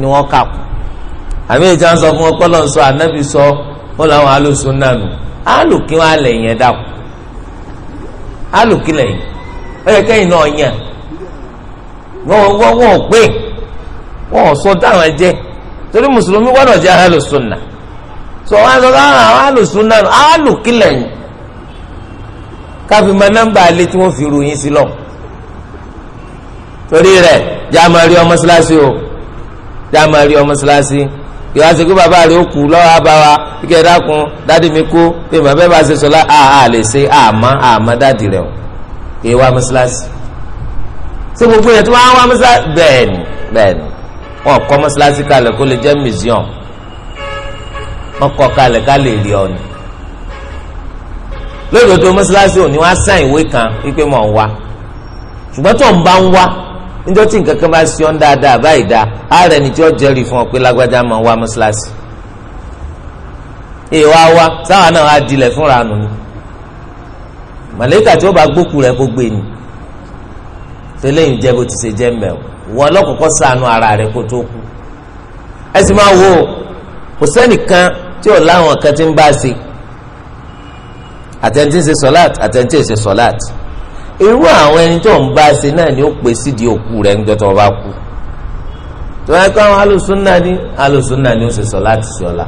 ni wọ́n kà kù àmì ìjà ń sọ fún wọn pọ́lọ́ sọ ànábì sọ wọn làwọn alùsùn náà nù alùkí wọn alẹ̀ yẹn dà kù alùkí lẹ̀ yìí ó yẹ kẹ́yìn náà yàn wọ́n wọ́n wọ́n ò pé wọ́n ò sọ dáhùn ẹ jẹ́ torí mùsùlùmí gbọ́dọ̀ jẹ́ alùsùn náà sọ wọn sọ káwọn àwọn alùsùn náà alùkí lẹ̀ yìí káfí ma nọ́mbà alẹ́ tí wọ́n fi ròyìn sí lọ torí rẹ̀ jáàmù àríwá mọ́ṣáláṣí o dá máa rí ọmọ síláṣí ìwà sọ pé bàbá rẹ ó kú lọ́wọ́ abáwa ike dákun dadi mi kú pé bàbá bá ṣe sọlá a lè ṣe àmọ́ àmọ́ dádì rẹ o kì í wá mọ́ṣáláṣí. ṣé gbogbo yẹn tí wọ́n á wá mọ́ṣáláṣí bẹ́ẹ̀ ni bẹ́ẹ̀ ni wọ́n kọ́ mọ́ṣáláṣí kalẹ̀ kó lè jẹ́ museum wọ́n kọ́ kalẹ̀ ká lè rí ọ ni. lódodo mọ́ṣáláṣí òní wá sáìn ìwé kan wípé mọ̀ ń wá ṣùgbọ́n tó ń bá ń wá níjọ́ tí nǹkan kan bá sí ọ́n dáadáa báyìí dáa ààrẹ ni tí ó jẹ́rìí fún ọ pé lágbájá máa ń wá mọ́ṣáláṣí. èèwọ̀ awa sáwa náà á dilẹ̀ fúnra nù ni màlẹ́kà tí ó bá gbókù rẹ̀ kó gbé ni tẹ́lẹ̀yìn jẹ́ bó ti ṣe jẹ́ mẹ́ o wọn lọ́kọ̀ọ́kọ́ sànù ara rẹ̀ kó tó kú. ẹ sì máa wo kò sẹ́nìkan tí ò láwọn kan ti ń bá ṣe àtẹ̀ntì ń ṣe sọ́láàtì àtẹ̀ntì ń irú àwọn ẹni tó ń bá ṣe náà ni ó pè sídìí òkú rẹ̀ níjọ́ tó bá kú tó yẹ kó àwọn alùsùnà ni alùsùnà ni ó ṣe sọ láti ṣe ọ̀la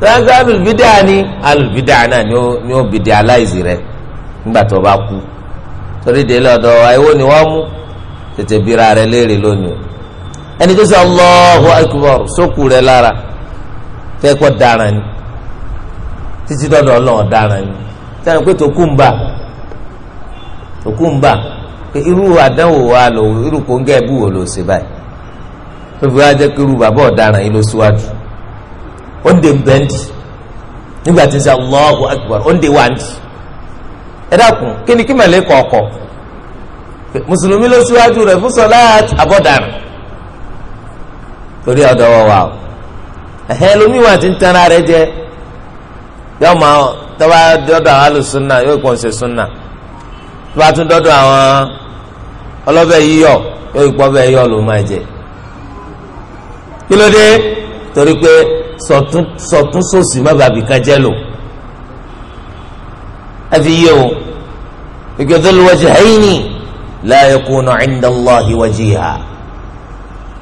tó yẹ kó alùbídà ni alùbídà náà ni ó bìdì aláìsí nígbà tó bá kú ni wọ́n mú tètè bíra rẹ̀ léèrè lónìí ẹni tó sọ Allahu Akbar sókù rẹ̀ lára tẹ́kọ̀ dára ni títí dọ́dọ̀ ọlọ́run dára ni a. òkúńbà pé irú àdánwò wa lò irú kóńgẹ́ ẹ̀bù wò ló ṣe báyìí tó fi wá jẹ́ pé irú bàbá ọ̀daràn yìí ló síwájú ó ń de bẹ́ndì nígbà tí ń sẹ́ Allahu Akbar ó ń de wáńdì ẹ dákun kí ni kí mẹ́lẹ́ kọ̀ọ̀kọ̀ mùsùlùmí ló síwájú rẹ̀ fún sọláàtì àbọ̀dàrà torí ọ̀dọ̀ wọ̀ wá o ẹ̀hẹ́ lómi ti ń tẹ́ra rẹ jẹ yọ tọ́ba dọ́dọ̀ yóò kàn ṣe sùnà. tó bá tún dọ́dọ̀ àwọn ọlọ́bẹ̀ yíyọ̀ yóò gbọ́ bẹ́ẹ̀ yọ̀ ló máa jẹ kí ló dé torí pé sọ̀tún má bàbí kan lò ẹ fi yé o ike dhul wajhayni la yakunu inda Allahi wajiha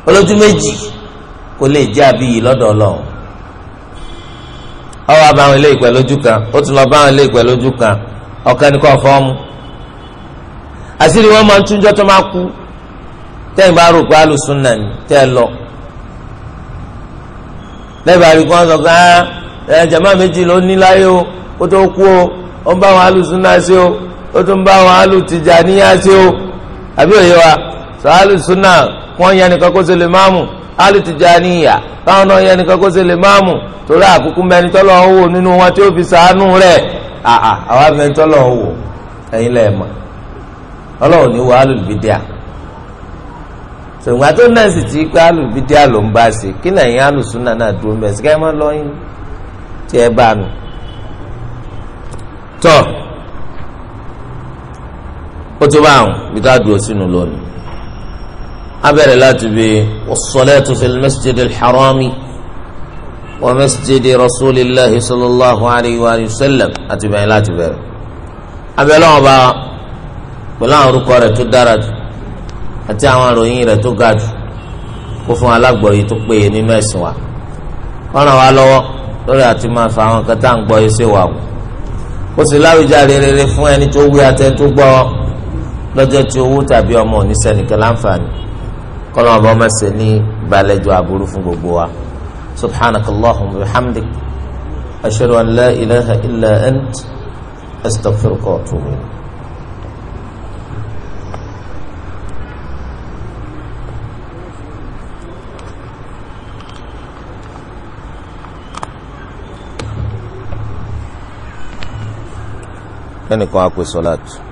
olójú méjì kò lè jẹ́ àbíyí lọ́dọ̀ Ọlọ́run ọwọ́ abáwọn ilé ìpẹ́ lójú kan ó tún báwọn ilé Asiri wọn máa ń túnjọ́ tó máa kú tẹ́yìn bá rò pé alùsùn náà ni tẹ́ ẹ lọ lẹ́bàá rí kan sọ pé ah, ẹ jàmá méjì ló ní láyé o kó tó kú o ó ń bá wọn alùsùn náà ṣe o ó tún bá wọn alùtìjà níyà ṣe o àbí òye wa sọ alùsùn náà wọn yẹn nìkan kó ṣe lè máàmù alùtìjà níyà káwọn náà yẹn nìkan kó ṣe lè máàmù torí àkókò mẹni tọ́lọ̀ wò nínú wọn tí ó fi sàánú rẹ̀ àà àwa mẹni tọ́lọ̀ wò ẹ̀yin lẹ́ẹ̀ mọ̀ ọlọ́run ní wàá lùbídíà sọ̀gbọ́n tó náà sì ti pé alùbídíà ló ń bá ṣe kí lẹ́yìn alùsùnà náà dúró mẹ́sì ká ẹ má lọ́yìn tí ẹ bá nù. tọ́ ó tó bá àwọn bí ká dúró sínú lónìí abẹ́rẹ́ láti bí wassalatu fil masjid al-harami wa masjid rasulillahi sallallahu alayhi wa sallam àti bẹ́ẹ̀ láti bẹ̀rẹ̀ abẹ́rẹ́ lọ́wọ́ bá pẹ̀lú àwọn orúkọ rẹ̀ tó dára jù àti àwọn àròyìn rẹ̀ tó ga jù kó fún alágbọ̀ọ́yé tó péye nínú ẹ̀sìn wa wọ́n ràn wá lọ́wọ́ lórí àti máa fa àwọn kan tá à ń gbọ́ ẹsẹ̀ wà wò kó sì láwùjáre rere fún ẹni tó wí atẹ tó gbọ́ lọ́jọ́ tí owó tàbí ọmọ oníṣẹ́nìkan láǹfààní kọ́lọ́ ọba ọmọ ní balẹ̀jọ́ aburú fún gbogbo wa subhanakallahumma wa bihamdik ashhadu an ilaha illa ant astaghfiruka wa atubu ẹnìkan a pè sọ́láàtù.